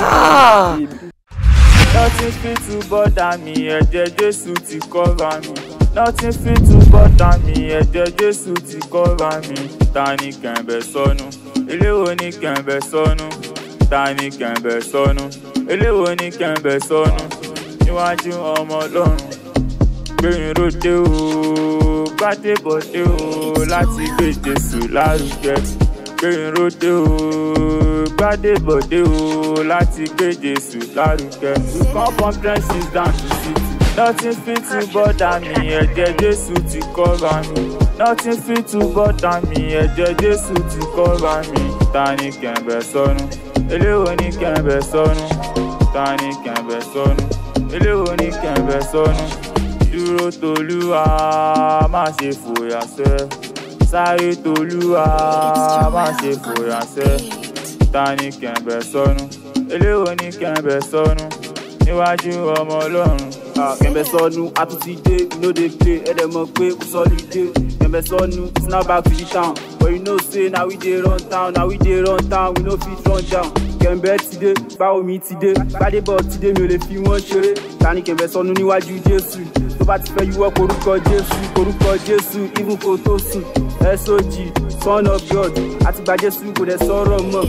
S1: nothing fit to bother me ẹ̀jẹ̀ jésù ti cover mi nothing fit to bother me ẹ̀jẹ̀ jésù ti cover mi ta ni kẹ̀mbẹ̀ sọnù eléwo ni kẹ̀mbẹ̀ sọnù ta ni kẹ̀mbẹ̀ sọnù eléwo ni kẹ̀mbẹ̀ sọnù níwájú ọmọ ọlọ́run gbẹ̀yìn ròde o bàdé bọ̀dé o láti gbé jésù lárugẹ gbẹ̀yìn ròde o gbádébọ̀dé o láti gbé Jésù lárugẹ. We come from ten six down Nothing fit to bother me, ẹ̀jẹ̀ Jésù ti cover me. Nothing fit to bother me, ẹ̀jẹ̀ Jésù ti cover me. Ta ni kẹ̀mbẹ̀ sọnù? Eléwo ni kẹ̀mbẹ̀ sọnù? Ta ni kẹ̀mbẹ̀ sọnù? Eléwo ni kẹ̀mbẹ̀ sọnù? Dúró tolúwa, má ṣe fòyà sẹ́. Sáré tolúwa, má ṣe fòyà sẹ́ ta ni kẹ̀mbẹ̀ sọnù eléwo ni kẹ̀mbẹ̀ sọnù níwájú ọmọ ọlọ́run. kẹ̀mbẹ̀ sọnù àtúntìdé no dey play mọ̀ pé kò sọ́lidé kẹ̀mbẹ̀ sọnù snap back to the town but you know say na we dey run town na we dey run town we no fit run down kẹ̀mbẹ́ ti dé báwomi ti dé gbadébọ̀ ti dé mi ò lè fi wọ́n ṣeré ta ni kẹ̀mbẹ́ sọnù
S2: níwájú jésù tó bá ti fẹ́ yíwọ́ korúkọ jésù korúkọ jésù even kò tó sùn
S1: sog son of god àti gba jésù kò dẹ̀ sọ̀rọ̀ mọ́ mo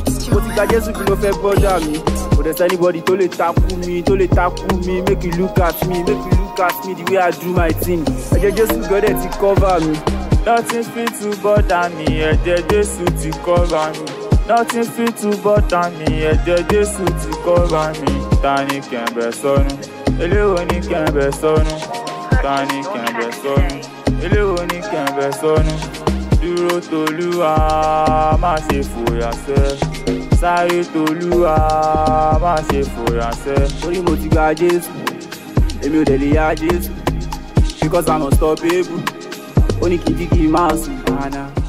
S1: ti gba jésù kí ló fẹ́ bọ́dà mi kò dẹ̀ sẹ́nibọ́dì tó lè takú mi tó lè takú mi make you look at me make you look at me the way i do my thing ẹ̀jẹ̀ jésù gọ́dẹ̀ ti cover mi. nothing fit to bother me ẹ̀jẹ̀ jésù ti cover me nothing fit to butter mi ẹ̀jẹ̀ jésù ti kọ́ra mi ta ni kẹ̀mbẹ̀ sọnù eléwo ni kẹ̀mbẹ̀ sọnù ta ni kẹ̀mbẹ̀ sọnù eléwo ni kẹ̀mbẹ̀ sọnù dúró tolúwa má ṣe fòyà sẹ́ sáré tolúwa má ṣe fòyà sẹ́. torí mo ti gba jésù èmi ò dẹ̀ lè yá jésù because i'm unstoppable ó ní kí n jí kí n máa sùn.